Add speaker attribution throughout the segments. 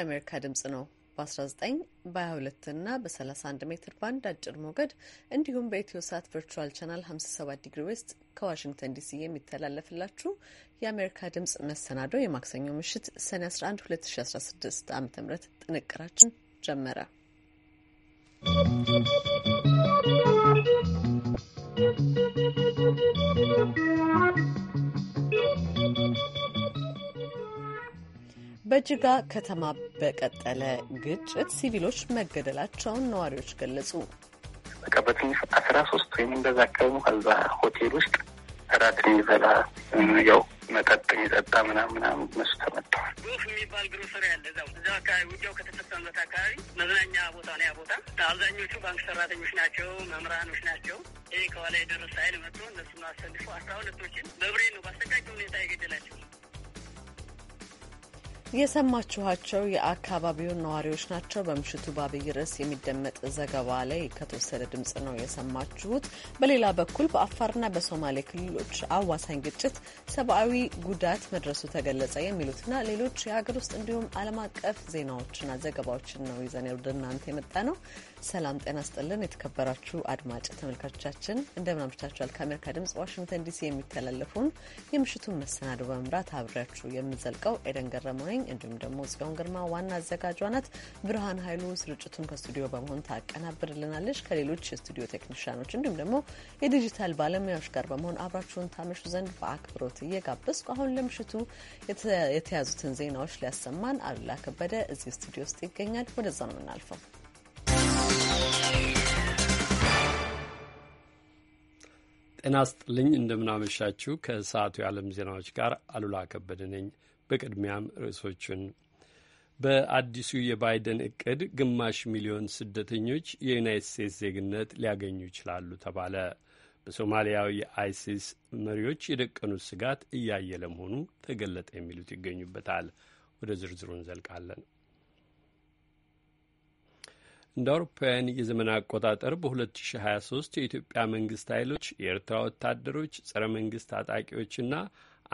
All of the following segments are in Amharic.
Speaker 1: የአሜሪካ ድምጽ ነው። በ19 በ22 እና በ31 ሜትር ባንድ አጭር ሞገድ እንዲሁም በኢትዮ ሳት ቨርቹዋል ቻናል 57 ዲግሪ ውስጥ ከዋሽንግተን ዲሲ የሚተላለፍላችሁ የአሜሪካ ድምጽ መሰናዶ የማክሰኞ ምሽት ሰኔ 11 2016 ዓ ም ጥንቅራችን ጀመረ። ¶¶ በጅጋ ከተማ በቀጠለ ግጭት ሲቪሎች መገደላቸውን ነዋሪዎች ገለጹ።
Speaker 2: በቃ በትንሽ አስራ ሶስት ወይም እንደዛ አካባቢ ከዛ ሆቴል ውስጥ እራት የሚበላ ያው መጠጥ የሚጠጣ ምናምናም ምናምን እነሱ ተመጥተዋል። ሩፍ የሚባል
Speaker 3: ግሮሰሪ ያለ እዛው እዛ አካባቢ ውጊያው ከተፈጸመበት አካባቢ መዝናኛ ቦታ ነው። ያ ቦታ አብዛኞቹ ባንክ ሰራተኞች ናቸው፣ መምህራኖች ናቸው። ይህ ከኋላ የደረሰ ኃይል መጥቶ እነሱ ነው አሰልፎ አስራ ሁለቶችን በብሬን ነው በአሰቃቂ
Speaker 2: ሁኔታ የገደላቸው።
Speaker 1: የሰማችኋቸው የአካባቢውን ነዋሪዎች ናቸው። በምሽቱ በአብይ ርዕስ የሚደመጥ ዘገባ ላይ ከተወሰደ ድምጽ ነው የሰማችሁት። በሌላ በኩል በአፋርና በሶማሌ ክልሎች አዋሳኝ ግጭት ሰብአዊ ጉዳት መድረሱ ተገለጸ። የሚሉትና ሌሎች የሀገር ውስጥ እንዲሁም ዓለም አቀፍ ዜናዎችና ዘገባዎችን ነው ይዘን ወደ እናንተ የመጣ ነው። ሰላም ጤና ስጥልን። የተከበራችሁ አድማጭ ተመልካቾቻችን እንደምን አምሽታችኋል? ከአሜሪካ ድምጽ ዋሽንግተን ዲሲ የሚተላለፉን የምሽቱን መሰናዶ በመምራት አብሬያችሁ የምዘልቀው ኤደን ገረማኝ እንዲሁም ደግሞ ጽዮን ግርማ፣ ዋና አዘጋጇ ናት ብርሃን ኃይሉ። ስርጭቱን ከስቱዲዮ በመሆን ታቀናብርልናለች። ከሌሎች የስቱዲዮ ቴክኒሽያኖች እንዲሁም ደግሞ የዲጂታል ባለሙያዎች ጋር በመሆን አብራችሁን ታመሹ ዘንድ በአክብሮት እየጋበዝኩ አሁን ለምሽቱ የተያዙትን ዜናዎች ሊያሰማን አሉላ ከበደ እዚህ ስቱዲዮ ውስጥ ይገኛል። ወደዛ ነው የምናልፈው።
Speaker 4: ጤና ስጥልኝ እንደምናመሻችሁ። ከሰዓቱ የዓለም ዜናዎች ጋር አሉላ ከበደ ነኝ። በቅድሚያም ርዕሶቹን በአዲሱ የባይደን እቅድ ግማሽ ሚሊዮን ስደተኞች የዩናይት ስቴትስ ዜግነት ሊያገኙ ይችላሉ ተባለ። በሶማሊያዊ የአይሲስ መሪዎች የደቀኑት ስጋት እያየለ መሆኑ ተገለጠ። የሚሉት ይገኙበታል። ወደ ዝርዝሩ እንዘልቃለን። እንደ አውሮፓውያን የዘመን አቆጣጠር በ2023 የኢትዮጵያ መንግስት ኃይሎች የኤርትራ ወታደሮች፣ ጸረ መንግስት ታጣቂዎችና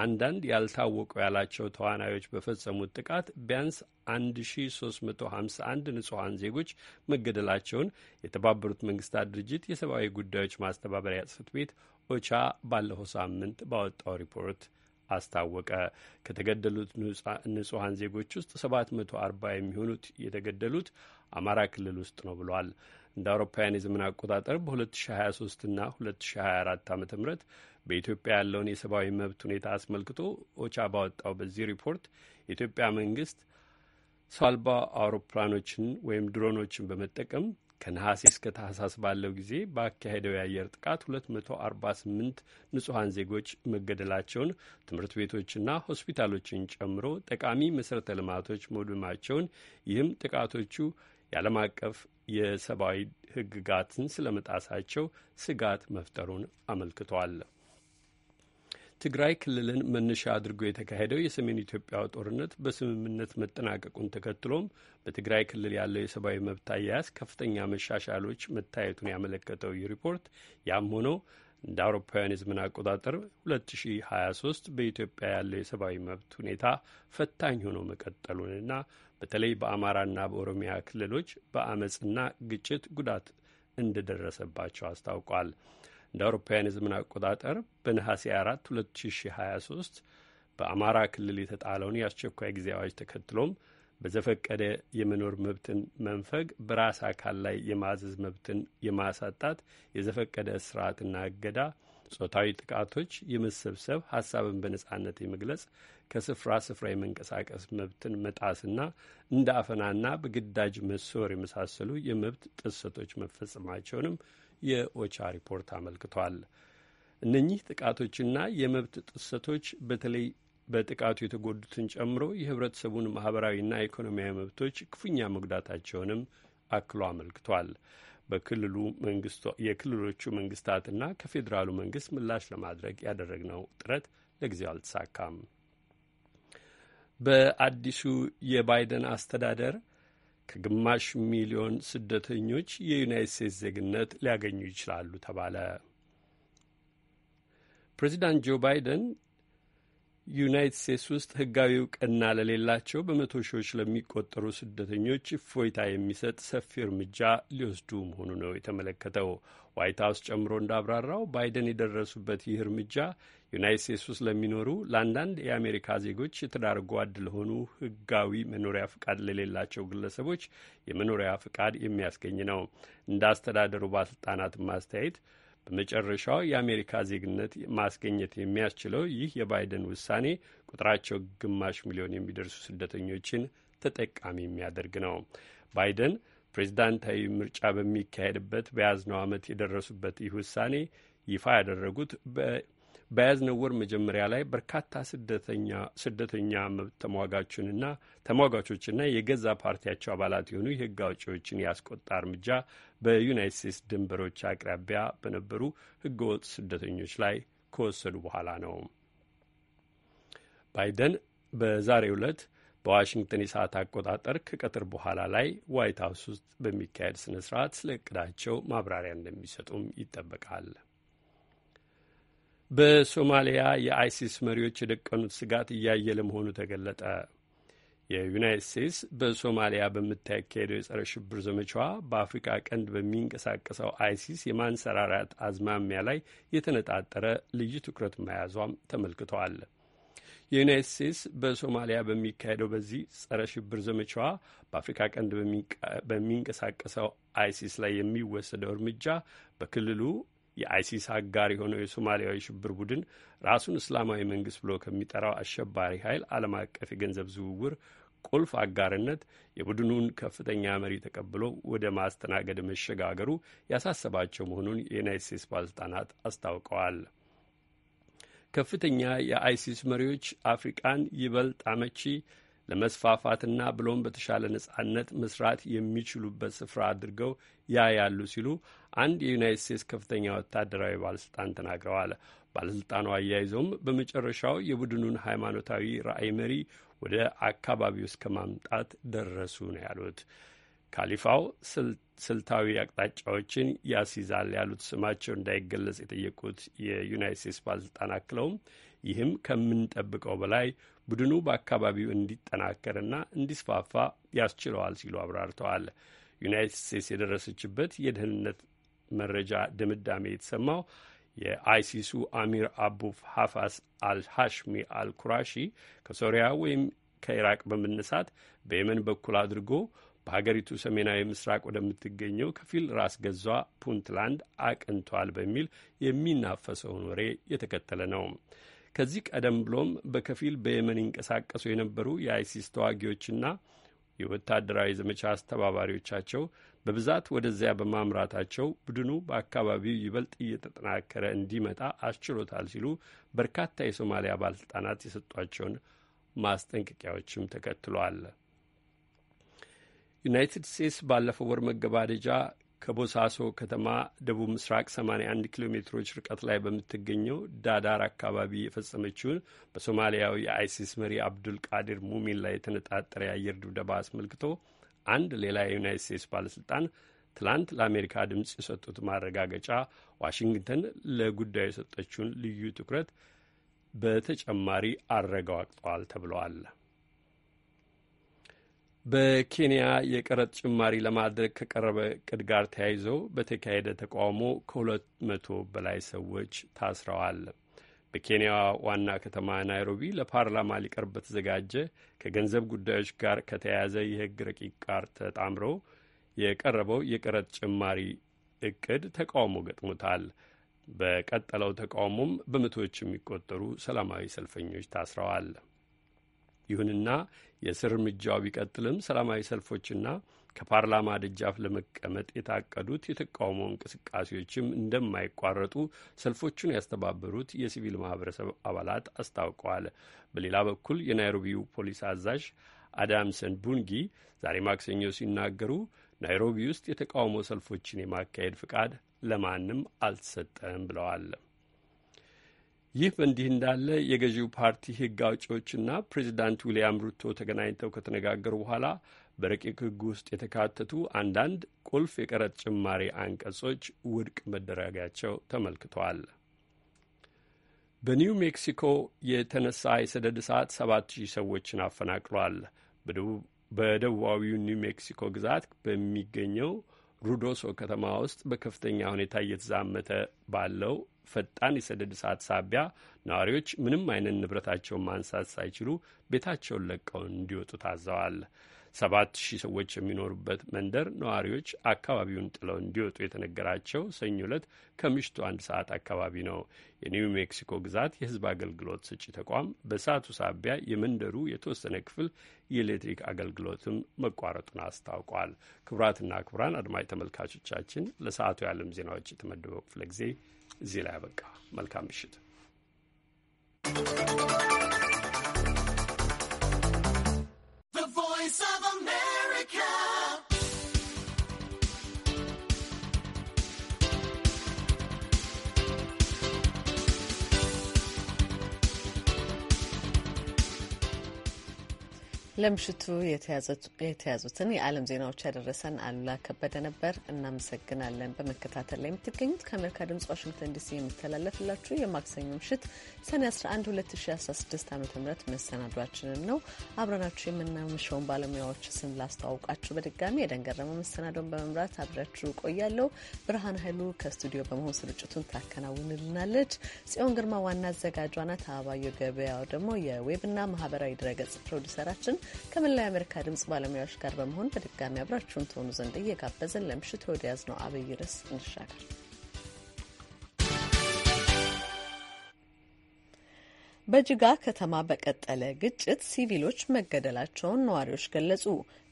Speaker 4: አንዳንድ ያልታወቁ ያላቸው ተዋናዮች በፈጸሙት ጥቃት ቢያንስ 1351 ንጹሐን ዜጎች መገደላቸውን የተባበሩት መንግስታት ድርጅት የሰብአዊ ጉዳዮች ማስተባበሪያ ጽፈት ቤት ኦቻ ባለፈው ሳምንት ባወጣው ሪፖርት አስታወቀ። ከተገደሉት ንጹሐን ዜጎች ውስጥ 740 የሚሆኑት የተገደሉት አማራ ክልል ውስጥ ነው ብሏል። እንደ አውሮፓውያን የዘመን አቆጣጠር በ2023 እና 2024 ዓ ም በኢትዮጵያ ያለውን የሰብአዊ መብት ሁኔታ አስመልክቶ ኦቻ ባወጣው በዚህ ሪፖርት የኢትዮጵያ መንግስት ሰው አልባ አውሮፕላኖችን ወይም ድሮኖችን በመጠቀም ከነሐሴ እስከ ታህሳስ ባለው ጊዜ በአካሄደው የአየር ጥቃት 248 ንጹሐን ዜጎች መገደላቸውን፣ ትምህርት ቤቶችና ሆስፒታሎችን ጨምሮ ጠቃሚ መሠረተ ልማቶች መውደማቸውን ይህም ጥቃቶቹ የዓለም አቀፍ የሰብአዊ ሕግጋትን ስለመጣሳቸው ስጋት መፍጠሩን አመልክቷል። ትግራይ ክልልን መነሻ አድርጎ የተካሄደው የሰሜን ኢትዮጵያ ጦርነት በስምምነት መጠናቀቁን ተከትሎም በትግራይ ክልል ያለው የሰብአዊ መብት አያያዝ ከፍተኛ መሻሻሎች መታየቱን ያመለከተው ይህ ሪፖርት ያም ሆነው እንደ አውሮፓውያን የዘመን አቆጣጠር 2023 በኢትዮጵያ ያለው የሰብአዊ መብት ሁኔታ ፈታኝ ሆኖ መቀጠሉንና በተለይ በአማራና በኦሮሚያ ክልሎች በአመፅና ግጭት ጉዳት እንደደረሰባቸው አስታውቋል። እንደ አውሮፓውያን የዘመን አቆጣጠር በነሐሴ 4 2023 በአማራ ክልል የተጣለውን የአስቸኳይ ጊዜ አዋጅ ተከትሎም በዘፈቀደ የመኖር መብትን መንፈግ፣ በራስ አካል ላይ የማዘዝ መብትን የማሳጣት የዘፈቀደ ስርዓትና እገዳ፣ ጾታዊ ጥቃቶች፣ የመሰብሰብ ሀሳብን በነጻነት የመግለጽ ከስፍራ ስፍራ የመንቀሳቀስ መብትን መጣስና እንደ አፈናና በግዳጅ መሰወር የመሳሰሉ የመብት ጥሰቶች መፈጸማቸውንም የኦቻ ሪፖርት አመልክቷል። እነኚህ ጥቃቶችና የመብት ጥሰቶች በተለይ በጥቃቱ የተጎዱትን ጨምሮ የህብረተሰቡን ማህበራዊና ኢኮኖሚያዊ መብቶች ክፉኛ መጉዳታቸውንም አክሎ አመልክቷል። በክልሉ የክልሎቹ መንግስታትና ከፌዴራሉ መንግስት ምላሽ ለማድረግ ያደረግነው ጥረት ለጊዜው አልተሳካም። በአዲሱ የባይደን አስተዳደር ከግማሽ ሚሊዮን ስደተኞች የዩናይት ስቴትስ ዜግነት ሊያገኙ ይችላሉ ተባለ። ፕሬዚዳንት ጆ ባይደን ዩናይት ስቴትስ ውስጥ ህጋዊ እውቅና ለሌላቸው በመቶ ሺዎች ለሚቆጠሩ ስደተኞች እፎይታ የሚሰጥ ሰፊ እርምጃ ሊወስዱ መሆኑ ነው የተመለከተው። ዋይት ሀውስ ጨምሮ እንዳብራራው ባይደን የደረሱበት ይህ እርምጃ ዩናይት ስቴትስ ውስጥ ለሚኖሩ ለአንዳንድ የአሜሪካ ዜጎች የተዳርጎ አድ ለሆኑ ህጋዊ መኖሪያ ፍቃድ ለሌላቸው ግለሰቦች የመኖሪያ ፍቃድ የሚያስገኝ ነው። እንደ አስተዳደሩ ባለስልጣናት ማስተያየት በመጨረሻው የአሜሪካ ዜግነት ማስገኘት የሚያስችለው ይህ የባይደን ውሳኔ ቁጥራቸው ግማሽ ሚሊዮን የሚደርሱ ስደተኞችን ተጠቃሚ የሚያደርግ ነው። ባይደን ፕሬዚዳንታዊ ምርጫ በሚካሄድበት በያዝነው ዓመት የደረሱበት ይህ ውሳኔ ይፋ ያደረጉት በያዝነው ወር መጀመሪያ ላይ በርካታ ስደተኛ መብት ተሟጋችንና ተሟጋቾችና የገዛ ፓርቲያቸው አባላት የሆኑ የህግ አውጪዎችን ያስቆጣ እርምጃ በዩናይት ስቴትስ ድንበሮች አቅራቢያ በነበሩ ህገወጥ ስደተኞች ላይ ከወሰዱ በኋላ ነው። ባይደን በዛሬ ዕለት በዋሽንግተን የሰዓት አቆጣጠር ከቀትር በኋላ ላይ ዋይት ሀውስ ውስጥ በሚካሄድ ስነ ስርዓት ስለ እቅዳቸው ማብራሪያ እንደሚሰጡም ይጠበቃል። በሶማሊያ የአይሲስ መሪዎች የደቀኑት ስጋት እያየለ መሆኑ ተገለጠ። የዩናይት ስቴትስ በሶማሊያ በምታካሄደው የጸረ ሽብር ዘመቻዋ በአፍሪካ ቀንድ በሚንቀሳቀሰው አይሲስ የማንሰራራት አዝማሚያ ላይ የተነጣጠረ ልዩ ትኩረት መያዟም ተመልክተዋል። የዩናይት ስቴትስ በሶማሊያ በሚካሄደው በዚህ ጸረ ሽብር ዘመቻዋ በአፍሪካ ቀንድ በሚንቀሳቀሰው አይሲስ ላይ የሚወሰደው እርምጃ በክልሉ የአይሲስ አጋር የሆነው የሶማሊያዊ ሽብር ቡድን ራሱን እስላማዊ መንግስት ብሎ ከሚጠራው አሸባሪ ኃይል ዓለም አቀፍ የገንዘብ ዝውውር ቁልፍ አጋርነት የቡድኑን ከፍተኛ መሪ ተቀብሎ ወደ ማስተናገድ መሸጋገሩ ያሳሰባቸው መሆኑን የዩናይት ስቴትስ ባለስልጣናት አስታውቀዋል። ከፍተኛ የአይሲስ መሪዎች አፍሪቃን ይበልጥ አመቺ ለመስፋፋትና ብሎም በተሻለ ነጻነት መስራት የሚችሉበት ስፍራ አድርገው ያ ያሉ ሲሉ አንድ የዩናይት ስቴትስ ከፍተኛ ወታደራዊ ባለስልጣን ተናግረዋል። ባለስልጣኑ አያይዘውም በመጨረሻው የቡድኑን ሃይማኖታዊ ራዕይ መሪ ወደ አካባቢው እስከ ማምጣት ደረሱ ነው ያሉት። ካሊፋው ስልታዊ አቅጣጫዎችን ያስይዛል ያሉት ስማቸው እንዳይገለጽ የጠየቁት የዩናይት ስቴትስ ባለስልጣን አክለውም ይህም ከምንጠብቀው በላይ ቡድኑ በአካባቢው እንዲጠናከርና እንዲስፋፋ ያስችለዋል ሲሉ አብራርተዋል። ዩናይትድ ስቴትስ የደረሰችበት የደህንነት መረጃ ድምዳሜ የተሰማው የአይሲሱ አሚር አቡ ሀፋስ አልሃሽሚ አልኩራሺ ከሶሪያ ወይም ከኢራቅ በመነሳት በየመን በኩል አድርጎ በሀገሪቱ ሰሜናዊ ምስራቅ ወደምትገኘው ከፊል ራስ ገዟ ፑንትላንድ አቅንቷል በሚል የሚናፈሰውን ወሬ የተከተለ ነው። ከዚህ ቀደም ብሎም በከፊል በየመን ይንቀሳቀሱ የነበሩ የአይሲስ ተዋጊዎችና የወታደራዊ ዘመቻ አስተባባሪዎቻቸው በብዛት ወደዚያ በማምራታቸው ቡድኑ በአካባቢው ይበልጥ እየተጠናከረ እንዲመጣ አስችሎታል ሲሉ በርካታ የሶማሊያ ባለስልጣናት የሰጧቸውን ማስጠንቀቂያዎችም ተከትሏል። ዩናይትድ ስቴትስ ባለፈው ወር መገባደጃ ከቦሳሶ ከተማ ደቡብ ምስራቅ 81 ኪሎ ሜትሮች ርቀት ላይ በምትገኘው ዳዳር አካባቢ የፈጸመችውን በሶማሊያዊ የአይሲስ መሪ አብዱል ቃድር ሙሚን ላይ የተነጣጠረ የአየር ድብደባ አስመልክቶ አንድ ሌላ የዩናይት ስቴትስ ባለስልጣን ትላንት ለአሜሪካ ድምፅ የሰጡት ማረጋገጫ ዋሽንግተን ለጉዳዩ የሰጠችውን ልዩ ትኩረት በተጨማሪ አረጋግጧል ተብለዋል። በኬንያ የቀረጥ ጭማሪ ለማድረግ ከቀረበ እቅድ ጋር ተያይዞ በተካሄደ ተቃውሞ ከሁለት መቶ በላይ ሰዎች ታስረዋል። በኬንያ ዋና ከተማ ናይሮቢ ለፓርላማ ሊቀርብ በተዘጋጀ ከገንዘብ ጉዳዮች ጋር ከተያያዘ የሕግ ረቂቅ ጋር ተጣምሮ የቀረበው የቀረጥ ጭማሪ እቅድ ተቃውሞ ገጥሞታል። በቀጠለው ተቃውሞም በመቶዎች የሚቆጠሩ ሰላማዊ ሰልፈኞች ታስረዋል። ይሁንና የእስር እርምጃው ቢቀጥልም ሰላማዊ ሰልፎችና ከፓርላማ ደጃፍ ለመቀመጥ የታቀዱት የተቃውሞ እንቅስቃሴዎችም እንደማይቋረጡ ሰልፎቹን ያስተባበሩት የሲቪል ማህበረሰብ አባላት አስታውቀዋል። በሌላ በኩል የናይሮቢው ፖሊስ አዛዥ አዳምሰን ቡንጊ ዛሬ ማክሰኞ ሲናገሩ ናይሮቢ ውስጥ የተቃውሞ ሰልፎችን የማካሄድ ፍቃድ ለማንም አልተሰጠም ብለዋል። ይህ በእንዲህ እንዳለ የገዢው ፓርቲ ህግ አውጪዎችና ፕሬዚዳንት ዊልያም ሩቶ ተገናኝተው ከተነጋገሩ በኋላ በረቂቅ ህግ ውስጥ የተካተቱ አንዳንድ ቁልፍ የቀረጥ ጭማሪ አንቀጾች ውድቅ መደረጋቸው ተመልክተዋል። በኒው ሜክሲኮ የተነሳ የሰደድ እሳት ሺህ ሰዎችን አፈናቅሏል። በደቡባዊው ኒው ሜክሲኮ ግዛት በሚገኘው ሩዶሶ ከተማ ውስጥ በከፍተኛ ሁኔታ እየተዛመተ ባለው ፈጣን የሰደድ እሳት ሳቢያ ነዋሪዎች ምንም አይነት ንብረታቸውን ማንሳት ሳይችሉ ቤታቸውን ለቀው እንዲወጡ ታዘዋል። ሰባት ሺህ ሰዎች የሚኖሩበት መንደር ነዋሪዎች አካባቢውን ጥለው እንዲወጡ የተነገራቸው ሰኞ ዕለት ከምሽቱ አንድ ሰዓት አካባቢ ነው። የኒው ሜክሲኮ ግዛት የሕዝብ አገልግሎት ሰጪ ተቋም በእሳቱ ሳቢያ የመንደሩ የተወሰነ ክፍል የኤሌክትሪክ አገልግሎትም መቋረጡን አስታውቋል። ክቡራትና ክቡራን አድማጭ ተመልካቾቻችን ለሰዓቱ የዓለም ዜናዎች የተመደበው ክፍለ ጊዜ እዚህ ላይ አበቃ። መልካም ምሽት።
Speaker 1: ለምሽቱ የተያዙትን የዓለም ዜናዎች ያደረሰን አሉላ ከበደ ነበር። እናመሰግናለን። በመከታተል ላይ የምትገኙት ከአሜሪካ ድምጽ ዋሽንግተን ዲሲ የሚተላለፍላችሁ የማክሰኞ ምሽት ሰኔ 11 2016 ዓ ም መሰናዷችንን ነው። አብረናችሁ የምናመሸውን ባለሙያዎች ስም ላስተዋውቃችሁ በድጋሚ የደንገረመ መሰናዶን በመምራት አብሬያችሁ ቆያለሁ። ብርሃን ኃይሉ ከስቱዲዮ በመሆን ስርጭቱን ታከናውንልናለች። ጽዮን ግርማ ዋና አዘጋጇ ናት። አበባየሁ ገበያው ደግሞ የዌብና ማህበራዊ ድረገጽ ፕሮዲሰራችን ከመላው የአሜሪካ ድምጽ ባለሙያዎች ጋር በመሆን በድጋሚ አብራችሁን ትሆኑ ዘንድ እየጋበዘን ለምሽቱ ወዲያዝ ነው አብይ ርዕስ እንሻገር። በጅጋ ከተማ በቀጠለ ግጭት ሲቪሎች መገደላቸውን ነዋሪዎች ገለጹ።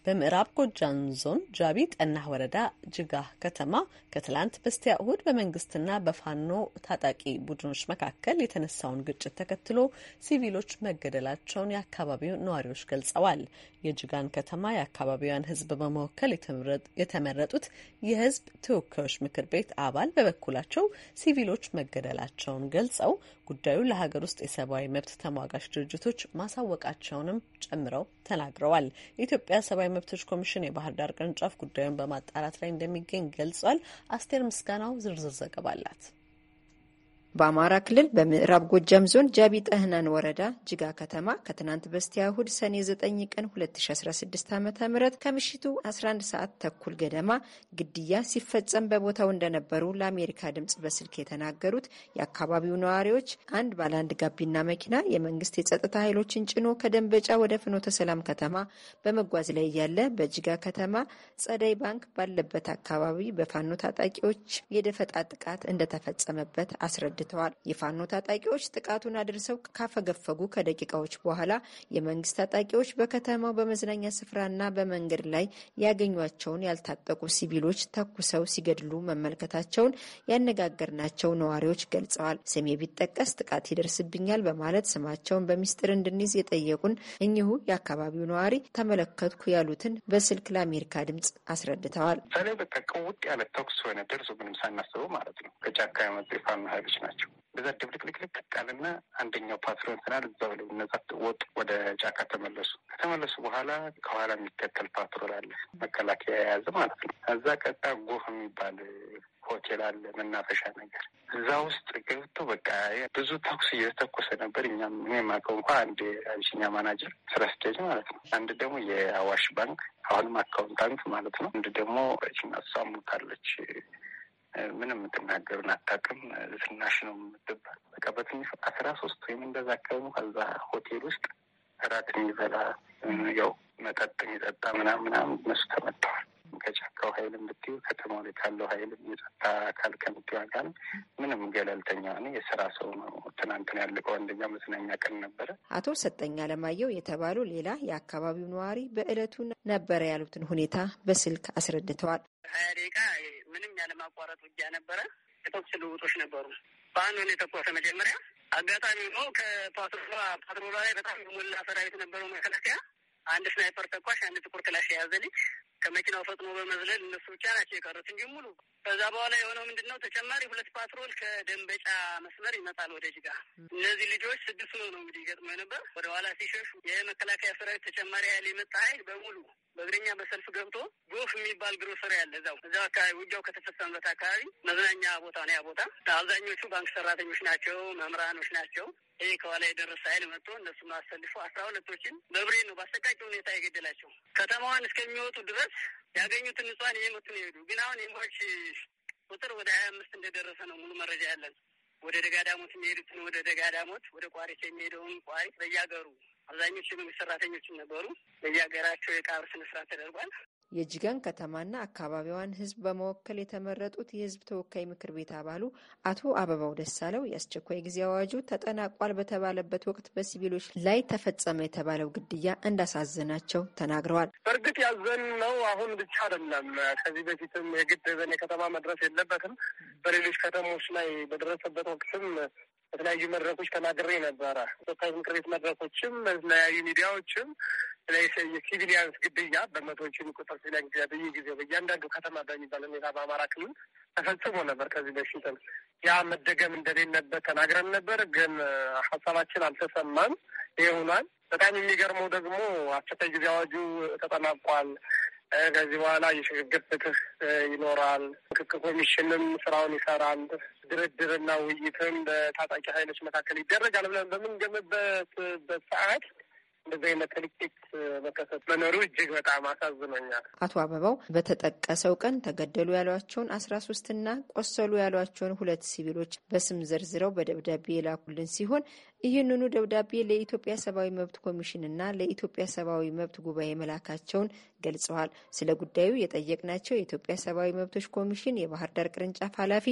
Speaker 1: በምዕራብ ጎጃም ዞን ጃቢ ጠናህ ወረዳ ጅጋ ከተማ ከትላንት በስቲያ እሁድ በመንግስትና በፋኖ ታጣቂ ቡድኖች መካከል የተነሳውን ግጭት ተከትሎ ሲቪሎች መገደላቸውን የአካባቢው ነዋሪዎች ገልጸዋል። የጅጋን ከተማ የአካባቢዋን ህዝብ በመወከል የተመረጡት የህዝብ ተወካዮች ምክር ቤት አባል በበኩላቸው ሲቪሎች መገደላቸውን ገልጸው ጉዳዩ ለሀገር ውስጥ የሰብአዊ መብት ተሟጋች ድርጅቶች ማሳወቃቸውንም ጨምረው ተናግረዋል። የኢትዮጵያ ሰብአዊ መብቶች ኮሚሽን የባህር ዳር ቅርንጫፍ ጉዳዩን በማጣራት ላይ እንደሚገኝ ገልጿል። አስቴር ምስጋናው ዝርዝር ዘገባ
Speaker 5: አላት። በአማራ ክልል በምዕራብ ጎጃም ዞን ጃቢ ጠህናን ወረዳ ጅጋ ከተማ ከትናንት በስቲያ እሁድ ሰኔ 9 ቀን 2016 ዓ ም ከምሽቱ 11 ሰዓት ተኩል ገደማ ግድያ ሲፈጸም በቦታው እንደነበሩ ለአሜሪካ ድምፅ በስልክ የተናገሩት የአካባቢው ነዋሪዎች አንድ ባለአንድ ጋቢና መኪና የመንግስት የጸጥታ ኃይሎችን ጭኖ ከደንበጫ ወደ ፍኖተ ሰላም ከተማ በመጓዝ ላይ እያለ በጅጋ ከተማ ጸደይ ባንክ ባለበት አካባቢ በፋኖ ታጣቂዎች የደፈጣ ጥቃት እንደተፈጸመበት አስረድ አስመልክተዋል። የፋኖ ታጣቂዎች ጥቃቱን አድርሰው ካፈገፈጉ ከደቂቃዎች በኋላ የመንግስት ታጣቂዎች በከተማው በመዝናኛ ስፍራና በመንገድ ላይ ያገኟቸውን ያልታጠቁ ሲቪሎች ተኩሰው ሲገድሉ መመልከታቸውን ያነጋገርናቸው ነዋሪዎች ገልጸዋል። ስሜ ቢጠቀስ ጥቃት ይደርስብኛል በማለት ስማቸውን በሚስጥር እንድንይዝ የጠየቁን እኚሁ የአካባቢው ነዋሪ ተመለከትኩ ያሉትን በስልክ ለአሜሪካ ድምጽ አስረድተዋል። በተለይ በጠቀው ውጥ ያለ ተኩስ ሆነ ደርሶ ምንም ሳናስበው ማለት ነው ከጫካ የመጡ
Speaker 2: የፋኖ ኃይሎች ናቸው ናቸው። በዛ ድብልቅልቅልቅ ቃልና አንደኛው ፓትሮን ስናል እዛ ብለው እነዛ ወጡ፣ ወደ ጫካ ተመለሱ። ከተመለሱ በኋላ ከኋላ የሚከተል ፓትሮል አለ፣ መከላከያ የያዘ ማለት ነው። እዛ ቀጣ ጎህ የሚባል ሆቴል አለ፣ መናፈሻ ነገር። እዛ ውስጥ ገብቶ በቃ ብዙ ተኩስ እየተተኮሰ ነበር። እኛም እኔ የማውቀው እንኳ አንድ አቢሲኒያ ማናጀር ስራ አስኪያጅ ማለት ነው፣ አንድ ደግሞ የአዋሽ ባንክ አሁንም አካውንታንት ማለት ነው፣ አንድ ደግሞ እችና ሳሙታለች ምንም የምትናገሩን አታውቅም። ዝናሽ ነው የምትባል በቃ በትንሹ አስራ ሶስት ወይም እንደዛ አካባቢ ከዛ ሆቴል ውስጥ እራት የሚበላ ያው መጠጥ የሚጠጣ ምናም ምናም መሱ ተመጥተዋል። ከጫካው ኃይል ምት ከተማ ላይ ካለው ኃይል የጸጥታ አካል ከምትይው አካል ምንም ገለልተኛ ነ የስራ ሰው ነው። ትናንትን ያለቀው አንደኛ መዝናኛ ቀን ነበረ።
Speaker 5: አቶ ሰጠኝ አለማየሁ የተባሉ ሌላ የአካባቢው ነዋሪ በእለቱ ነበረ ያሉትን ሁኔታ በስልክ አስረድተዋል። ሀያ ደቂቃ ምንም ያለማቋረጥ ውጊያ
Speaker 3: ነበረ። የተኩስ ልውጦች ነበሩ። በአንድ ሆነ የተኮሰ መጀመሪያ አጋጣሚ ሆኖ ከፓትሮላ ፓትሮላ ላይ በጣም የሞላ ሰራዊት ነበረው መከላከያ አንድ ስናይፐር ተኳሽ፣ አንድ ጥቁር ክላሽ የያዘ ልጅ ከመኪናው ፈጥኖ በመዝለል እነሱ ብቻ ናቸው የቀሩት እንጂ ሙሉ። ከዛ በኋላ የሆነው ምንድን ነው? ተጨማሪ ሁለት ፓትሮል ከደንበጫ መስመር ይመጣል ወደ ጅጋ። እነዚህ ልጆች ስድስት ነው ነው እንግዲህ ገጥሞ ነበር። ወደ ኋላ ሲሸሹ የመከላከያ ሰራዊት ተጨማሪ ኃይል የመጣ ኃይል በሙሉ በእግረኛ በሰልፍ ገብቶ ጎፍ የሚባል ግሮሰሪ ያለ እዛው እዛው አካባቢ ውጊያው ከተፈጸመበት አካባቢ መዝናኛ ቦታ ነው ያ ቦታ። አብዛኞቹ ባንክ ሰራተኞች ናቸው፣ መምህራኖች ናቸው። ይህ ከኋላ የደረሰ ኃይል መጥቶ እነሱ አሰልፎ አስራ ሁለቶችን በብሬ ነው በአሰቃቂ ሁኔታ የገደላቸው። ከተማዋን እስከሚወጡ ድረስ ያገኙትን ንጹሃን እየመቱ ነው የሄዱ። ግን አሁን የሟች ቁጥር ወደ ሀያ አምስት እንደደረሰ ነው ሙሉ መረጃ ያለን። ወደ ደጋዳሞት የሚሄዱትን ወደ ደጋዳሞት፣ ወደ ቋሪቻ የሚሄደውን ቋሪ በየሀገሩ አብዛኞቹ የመንግስት ሰራተኞችን ነበሩ። በየሀገራቸው የቃብር ስነ ተደርጓል።
Speaker 5: የጅጋን ከተማና አካባቢዋን ህዝብ በመወከል የተመረጡት የህዝብ ተወካይ ምክር ቤት አባሉ አቶ አበባው ደሳለው የአስቸኳይ ጊዜ አዋጁ ተጠናቋል በተባለበት ወቅት በሲቪሎች ላይ ተፈጸመ የተባለው ግድያ እንዳሳዘናቸው ተናግረዋል። በእርግጥ ያዘን ነው።
Speaker 2: አሁን ብቻ አይደለም። ከዚህ በፊትም የግድ ዘን የከተማ መድረስ የለበትም። በሌሎች ከተሞች ላይ በደረሰበት ወቅትም በተለያዩ መድረኮች ተናግሬ ነበረ። ተወካዮች ምክር ቤት መድረኮችም በተለያዩ ሚዲያዎችም የሲቪሊያንስ ግድያ በመቶዎች የሚቆጠር ሲቪሊያን ግድያ በየጊዜው በእያንዳንዱ ከተማ በሚባል ሁኔታ በአማራ ክልል ተፈጽሞ ነበር። ከዚህ በፊትም ያ መደገም እንደሌለበት ተናግረን ነበር፣ ግን ሀሳባችን አልተሰማም። ይሆናል በጣም የሚገርመው ደግሞ አስቸኳይ ጊዜ አዋጁ ተጠናቋል ከዚህ በኋላ የሽግግር ፍትህ ይኖራል። ምክክር ኮሚሽንም ስራውን ይሰራል። ድርድርና ውይይትም በታጣቂ ኃይሎች መካከል ይደረጋል ብለን በምንገምበት ሰዓት እንደዚህ አይነት ክርክት መከሰት መኖሩ እጅግ በጣም
Speaker 5: አሳዝኖኛል። አቶ አበባው በተጠቀሰው ቀን ተገደሉ ያሏቸውን አስራ ሶስትና ቆሰሉ ያሏቸውን ሁለት ሲቪሎች በስም ዘርዝረው በደብዳቤ የላኩልን ሲሆን ይህንኑ ደብዳቤ ለኢትዮጵያ ሰብአዊ መብት ኮሚሽንና ለኢትዮጵያ ሰብአዊ መብት ጉባኤ መላካቸውን ገልጸዋል። ስለ ጉዳዩ የጠየቅናቸው የኢትዮጵያ ሰብአዊ መብቶች ኮሚሽን የባህር ዳር ቅርንጫፍ ኃላፊ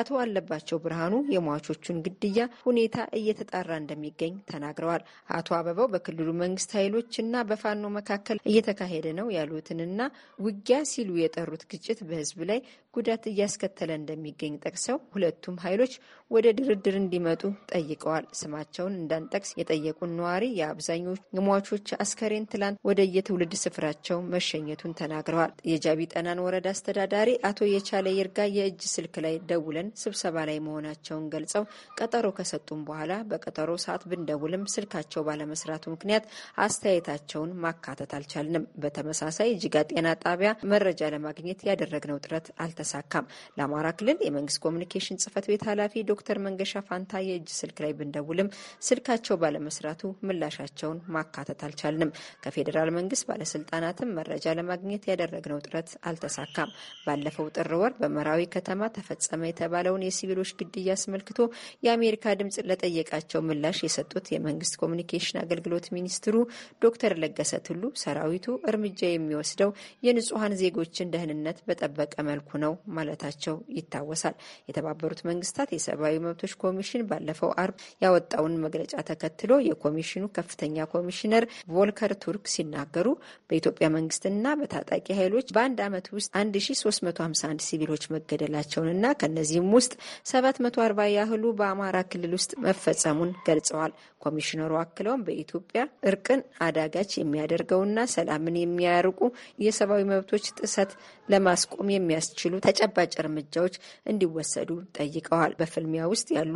Speaker 5: አቶ አለባቸው ብርሃኑ የሟቾቹን ግድያ ሁኔታ እየተጣራ እንደሚገኝ ተናግረዋል። አቶ አበባው በክልሉ መንግስት ኃይሎችና በፋኖ መካከል እየተካሄደ ነው ያሉትንና ውጊያ ሲሉ የጠሩት ግጭት በህዝብ ላይ ጉዳት እያስከተለ እንደሚገኝ ጠቅሰው ሁለቱም ኃይሎች ወደ ድርድር እንዲመጡ ጠይቀዋል። ስማቸው ስማቸውን እንዳንጠቅስ የጠየቁን ነዋሪ የአብዛኞቹ ግሟቾች አስከሬን ትላንት ወደ የትውልድ ስፍራቸው መሸኘቱን ተናግረዋል። የጃቢ ጠናን ወረዳ አስተዳዳሪ አቶ የቻለ ይርጋ የእጅ ስልክ ላይ ደውለን ስብሰባ ላይ መሆናቸውን ገልጸው ቀጠሮ ከሰጡም በኋላ በቀጠሮ ሰዓት ብንደውልም ስልካቸው ባለመስራቱ ምክንያት አስተያየታቸውን ማካተት አልቻልንም። በተመሳሳይ ጅጋ ጤና ጣቢያ መረጃ ለማግኘት ያደረግነው ጥረት አልተሳካም። ለአማራ ክልል የመንግስት ኮሚኒኬሽን ጽህፈት ቤት ኃላፊ ዶክተር መንገሻ ፋንታ የእጅ ስልክ ላይ ብንደውልም ስልካቸው ባለመስራቱ ምላሻቸውን ማካተት አልቻልንም። ከፌዴራል መንግስት ባለስልጣናትም መረጃ ለማግኘት ያደረግነው ጥረት አልተሳካም። ባለፈው ጥር ወር በመራዊ ከተማ ተፈጸመ የተባለውን የሲቪሎች ግድያ አስመልክቶ የአሜሪካ ድምጽ ለጠየቃቸው ምላሽ የሰጡት የመንግስት ኮሚኒኬሽን አገልግሎት ሚኒስትሩ ዶክተር ለገሰ ቱሉ ሰራዊቱ እርምጃ የሚወስደው የንጹሐን ዜጎችን ደህንነት በጠበቀ መልኩ ነው ማለታቸው ይታወሳል። የተባበሩት መንግስታት የሰብአዊ መብቶች ኮሚሽን ባለፈው አርብ ያወጣው የወጣውን መግለጫ ተከትሎ የኮሚሽኑ ከፍተኛ ኮሚሽነር ቮልከር ቱርክ ሲናገሩ በኢትዮጵያ መንግስትና በታጣቂ ኃይሎች በአንድ ዓመት ውስጥ 1351 ሲቪሎች መገደላቸውንና ከእነዚህም ውስጥ 740 ያህሉ በአማራ ክልል ውስጥ መፈጸሙን ገልጸዋል። ኮሚሽነሩ አክለውም በኢትዮጵያ እርቅን አዳጋች የሚያደርገውና ሰላምን የሚያርቁ የሰብአዊ መብቶች ጥሰት ለማስቆም የሚያስችሉ ተጨባጭ እርምጃዎች እንዲወሰዱ ጠይቀዋል። በፍልሚያ ውስጥ ያሉ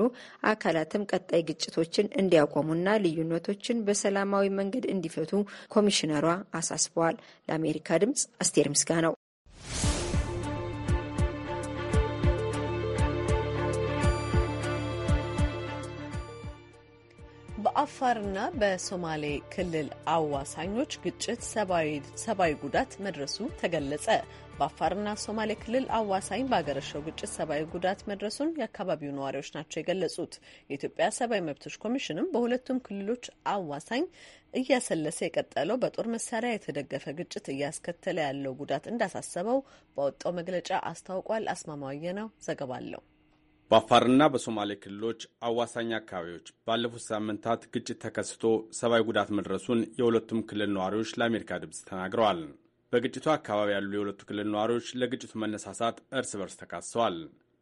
Speaker 5: አካላትም ቀጣይ ግጭቶችን እንዲያቆሙና ልዩነቶችን በሰላማዊ መንገድ እንዲፈቱ ኮሚሽነሯ አሳስበዋል። ለአሜሪካ ድምጽ አስቴር ምስጋ ነው።
Speaker 1: በአፋርና በሶማሌ ክልል አዋሳኞች ግጭት ሰብአዊ ጉዳት መድረሱ ተገለጸ። በአፋርና ሶማሌ ክልል አዋሳኝ በአገረሸው ግጭት ሰብአዊ ጉዳት መድረሱን የአካባቢው ነዋሪዎች ናቸው የገለጹት። የኢትዮጵያ ሰብአዊ መብቶች ኮሚሽንም በሁለቱም ክልሎች አዋሳኝ እያሰለሰ የቀጠለው በጦር መሳሪያ የተደገፈ ግጭት እያስከተለ ያለው ጉዳት እንዳሳሰበው በወጣው መግለጫ አስታውቋል። አስማማው ነው ዘገባ አለው።
Speaker 6: በአፋርና በሶማሌ ክልሎች አዋሳኝ አካባቢዎች ባለፉት ሳምንታት ግጭት ተከስቶ ሰብአዊ ጉዳት መድረሱን የሁለቱም ክልል ነዋሪዎች ለአሜሪካ ድምፅ ተናግረዋል። በግጭቱ አካባቢ ያሉ የሁለቱ ክልል ነዋሪዎች ለግጭቱ መነሳሳት እርስ በርስ ተካሰዋል።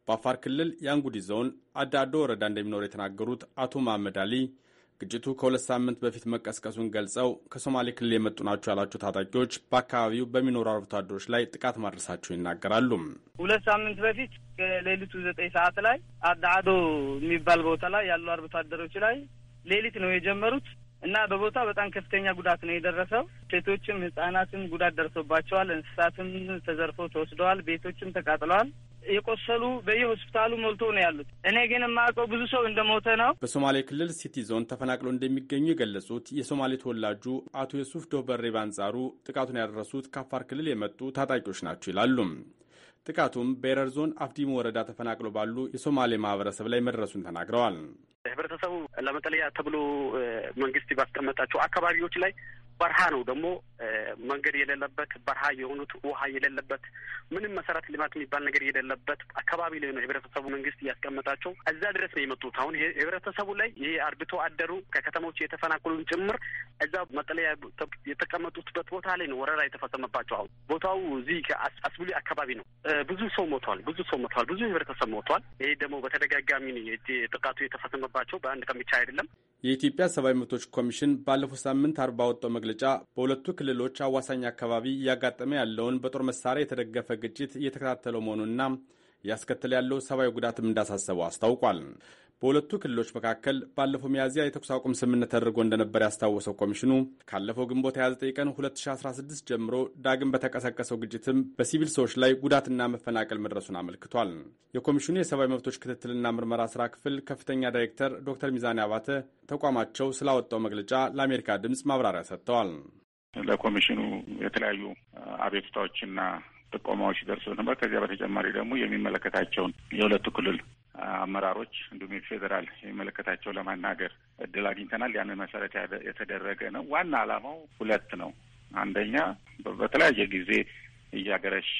Speaker 6: በአፋር ክልል የአንጉዲ ዞን አዳዶ ወረዳ እንደሚኖሩ የተናገሩት አቶ መሐመድ አሊ ግጭቱ ከሁለት ሳምንት በፊት መቀስቀሱን ገልጸው ከሶማሌ ክልል የመጡ ናቸው ያላቸው ታጣቂዎች በአካባቢው በሚኖሩ አርብቶ አደሮች ላይ ጥቃት ማድረሳቸው ይናገራሉ።
Speaker 3: ሁለት ሳምንት በፊት ከሌሊቱ ዘጠኝ ሰዓት ላይ አዳአዶ የሚባል ቦታ ላይ ያሉ አርብቶ አደሮች ላይ ሌሊት ነው የጀመሩት እና በቦታ በጣም ከፍተኛ ጉዳት ነው የደረሰው። ሴቶችም ህጻናትም ጉዳት ደርሶባቸዋል። እንስሳትም ተዘርፎ ተወስደዋል። ቤቶችም ተቃጥለዋል። የቆሰሉ በየሆስፒታሉ ሞልቶ ነው ያሉት። እኔ ግን የማውቀው ብዙ ሰው እንደሞተ ነው።
Speaker 6: በሶማሌ ክልል ሲቲ ዞን ተፈናቅለው እንደሚገኙ የገለጹት የሶማሌ ተወላጁ አቶ የሱፍ ዶበሬ በአንጻሩ ጥቃቱን ያደረሱት ከአፋር ክልል የመጡ ታጣቂዎች ናቸው ይላሉ። ጥቃቱም በኤረር ዞን አፍዲሙ ወረዳ ተፈናቅለው ባሉ የሶማሌ ማህበረሰብ ላይ መድረሱን ተናግረዋል።
Speaker 2: ህብረተሰቡ ለመጠለያ ተብሎ መንግስት
Speaker 7: ባስቀመጣቸው አካባቢዎች ላይ በረሃ ነው ደግሞ መንገድ የሌለበት በረሃ የሆኑት ውሃ የሌለበት ምንም መሰረተ ልማት የሚባል ነገር የሌለበት አካባቢ ላይ ነው ህብረተሰቡ መንግስት እያስቀመጣቸው እዛ ድረስ ነው የመጡት። አሁን ህብረተሰቡ ላይ ይህ አርብቶ አደሩ ከከተሞች የተፈናቀሉን
Speaker 2: ጭምር እዛ መጠለያ የተቀመጡትበት ቦታ ላይ ነው ወረራ የተፈጸመባቸው። አሁን ቦታው እዚህ አስብሊ አካባቢ ነው።
Speaker 8: ብዙ ሰው ሞቷል፣ ብዙ ሰው ሞቷል፣ ብዙ ህብረተሰብ ሞቷል።
Speaker 2: ይሄ ደግሞ በተደጋጋሚ ጥቃቱ የተፈጸመ አለባቸው። በአንድ ቀን ብቻ አይደለም።
Speaker 6: የኢትዮጵያ ሰብአዊ መብቶች ኮሚሽን ባለፈው ሳምንት አርብ ባወጣው መግለጫ በሁለቱ ክልሎች አዋሳኝ አካባቢ እያጋጠመ ያለውን በጦር መሳሪያ የተደገፈ ግጭት እየተከታተለው መሆኑንና እያስከተለ ያለው ሰብአዊ ጉዳትም እንዳሳሰበው አስታውቋል። በሁለቱ ክልሎች መካከል ባለፈው ሚያዝያ የተኩስ አቁም ስምምነት ተደርጎ እንደነበር ያስታወሰው ኮሚሽኑ ካለፈው ግንቦት 29 ቀን 2016 ጀምሮ ዳግም በተቀሰቀሰው ግጭትም በሲቪል ሰዎች ላይ ጉዳትና መፈናቀል መድረሱን አመልክቷል። የኮሚሽኑ የሰብአዊ መብቶች ክትትልና ምርመራ ስራ ክፍል ከፍተኛ ዳይሬክተር ዶክተር ሚዛኔ አባተ ተቋማቸው ስላወጣው መግለጫ
Speaker 9: ለአሜሪካ ድምፅ ማብራሪያ ሰጥተዋል። ለኮሚሽኑ የተለያዩ አቤቱታዎችና ጥቆማዎች ደርሶ ነበር። ከዚያ በተጨማሪ ደግሞ የሚመለከታቸውን የሁለቱ ክልል አመራሮች እንዲሁም የፌዴራል የሚመለከታቸው ለማናገር እድል አግኝተናል። ያንን መሰረት የተደረገ ነው። ዋና አላማው ሁለት ነው። አንደኛ በተለያየ ጊዜ እያገረሸ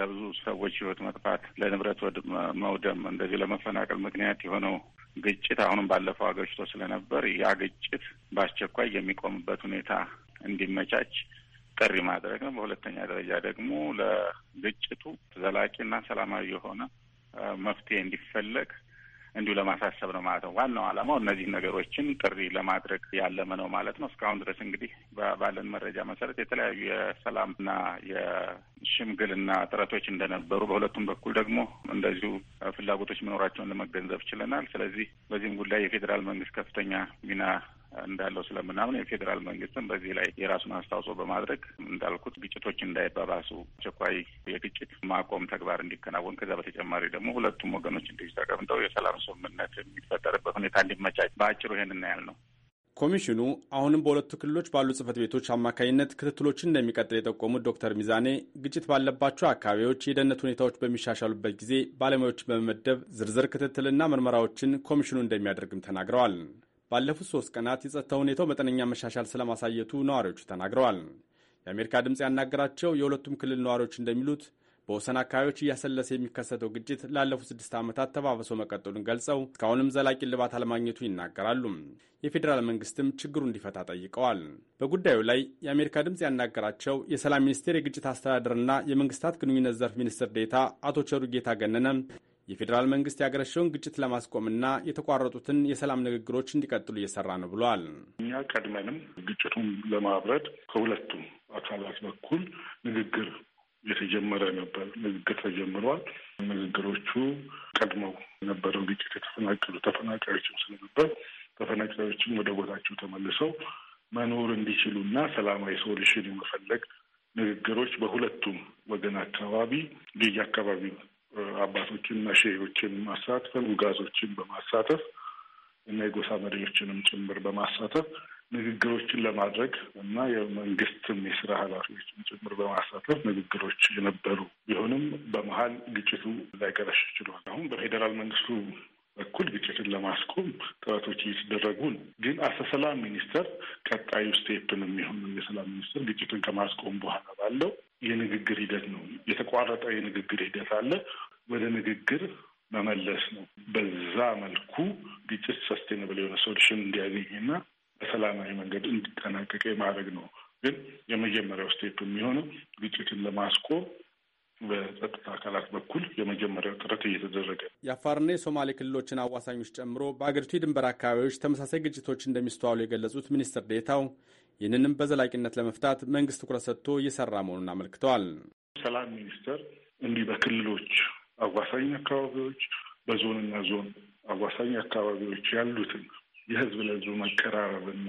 Speaker 9: ለብዙ ሰዎች ህይወት መጥፋት፣ ለንብረት ወድ መውደም፣ እንደዚህ ለመፈናቀል ምክንያት የሆነው ግጭት አሁንም ባለፈው አገርሽቶ ስለነበር ያ ግጭት በአስቸኳይ የሚቆምበት ሁኔታ እንዲመቻች ጥሪ ማድረግ ነው። በሁለተኛ ደረጃ ደግሞ ለግጭቱ ዘላቂና ሰላማዊ የሆነ መፍትሄ እንዲፈለግ እንዲሁ ለማሳሰብ ነው ማለት ነው። ዋናው ዓላማው እነዚህ ነገሮችን ጥሪ ለማድረግ ያለመ ነው ማለት ነው። እስካሁን ድረስ እንግዲህ ባለን መረጃ መሰረት የተለያዩ የሰላምና የሽምግልና ጥረቶች እንደነበሩ፣ በሁለቱም በኩል ደግሞ እንደዚሁ ፍላጎቶች መኖራቸውን ለመገንዘብ ችለናል። ስለዚህ በዚህም ጉዳይ የፌዴራል መንግስት ከፍተኛ ሚና እንዳለው ስለምናምን የፌዴራል መንግስትም በዚህ ላይ የራሱን አስተዋጽኦ በማድረግ እንዳልኩት ግጭቶች እንዳይባባሱ አስቸኳይ የግጭት ማቆም ተግባር እንዲከናወን፣ ከዛ በተጨማሪ ደግሞ ሁለቱም ወገኖች እንዲ ተቀምጠው የሰላም ስምምነት የሚፈጠርበት ሁኔታ እንዲመቻች በአጭሩ ይሄን እናያል ነው።
Speaker 6: ኮሚሽኑ አሁንም በሁለቱ ክልሎች ባሉ ጽህፈት ቤቶች አማካኝነት ክትትሎችን እንደሚቀጥል የጠቆሙት ዶክተር ሚዛኔ ግጭት ባለባቸው አካባቢዎች የደህንነት ሁኔታዎች በሚሻሻሉበት ጊዜ ባለሙያዎችን በመመደብ ዝርዝር ክትትልና ምርመራዎችን ኮሚሽኑ እንደሚያደርግም ተናግረዋል። ባለፉት ሶስት ቀናት የጸጥታ ሁኔታው መጠነኛ መሻሻል ስለማሳየቱ ነዋሪዎቹ ተናግረዋል። የአሜሪካ ድምፅ ያናገራቸው የሁለቱም ክልል ነዋሪዎች እንደሚሉት በወሰን አካባቢዎች እያሰለሰ የሚከሰተው ግጭት ላለፉት ስድስት ዓመታት ተባብሶ መቀጠሉን ገልጸው እስካሁንም ዘላቂ ልባት አለማግኘቱ ይናገራሉ። የፌዴራል መንግስትም ችግሩ እንዲፈታ ጠይቀዋል። በጉዳዩ ላይ የአሜሪካ ድምፅ ያናገራቸው የሰላም ሚኒስቴር የግጭት አስተዳደርና የመንግስታት ግንኙነት ዘርፍ ሚኒስትር ዴታ አቶ ቸሩ ጌታ ገነነ የፌዴራል መንግስት ያገረሸውን ግጭት ለማስቆምና የተቋረጡትን የሰላም ንግግሮች እንዲቀጥሉ እየሰራ ነው ብሏል። እኛ ቀድመንም
Speaker 10: ግጭቱን ለማብረድ ከሁለቱም አካላት በኩል ንግግር የተጀመረ ነበር። ንግግር ተጀምሯል። ንግግሮቹ ቀድመው የነበረው ግጭት የተፈናቀሉ ተፈናቃዮችም ስለነበር ተፈናቃዮችም ወደ ቦታቸው ተመልሰው መኖር እንዲችሉና ሰላማዊ ሶሉሽን የመፈለግ ንግግሮች በሁለቱም ወገን አካባቢ አካባቢ አባቶችንና ሼዎችን ማሳተፍ፣ ውጋዞችን በማሳተፍ እና የጎሳ መሪዎችንም ጭምር በማሳተፍ ንግግሮችን ለማድረግ እና የመንግስትም የስራ ኃላፊዎችን ጭምር በማሳተፍ ንግግሮች የነበሩ ቢሆንም በመሀል ግጭቱ ላይገረሽ ችሏል። አሁን በፌዴራል መንግስቱ በኩል ግጭትን ለማስቆም ጥረቶች እየተደረጉ ነው። ግን አሰሰላም ሚኒስተር ቀጣዩ ስቴፕን የሚሆን የሰላም ሚኒስተር ግጭትን ከማስቆም በኋላ ባለው የንግግር ሂደት ነው። የተቋረጠ የንግግር ሂደት አለ። ወደ ንግግር መመለስ ነው። በዛ መልኩ ግጭት ሰስቴናብል የሆነ ሶሉሽን እንዲያገኝና በሰላማዊ መንገድ እንዲጠናቀቅ የማድረግ ነው። ግን የመጀመሪያው ስቴፕ የሚሆነው ግጭትን ለማስቆም በጸጥታ አካላት በኩል የመጀመሪያው ጥረት እየተደረገ ነው።
Speaker 6: የአፋርና የሶማሌ ክልሎችን አዋሳኞች ጨምሮ በአገሪቱ የድንበር አካባቢዎች ተመሳሳይ ግጭቶች እንደሚስተዋሉ የገለጹት ሚኒስትር ዴታው ይህንንም በዘላቂነት ለመፍታት መንግስት ትኩረት ሰጥቶ እየሰራ መሆኑን አመልክተዋል።
Speaker 10: ሰላም ሚኒስቴር እንዲህ በክልሎች አዋሳኝ አካባቢዎች በዞንና ዞን አዋሳኝ አካባቢዎች ያሉትን የህዝብ ለህዝብ መቀራረብና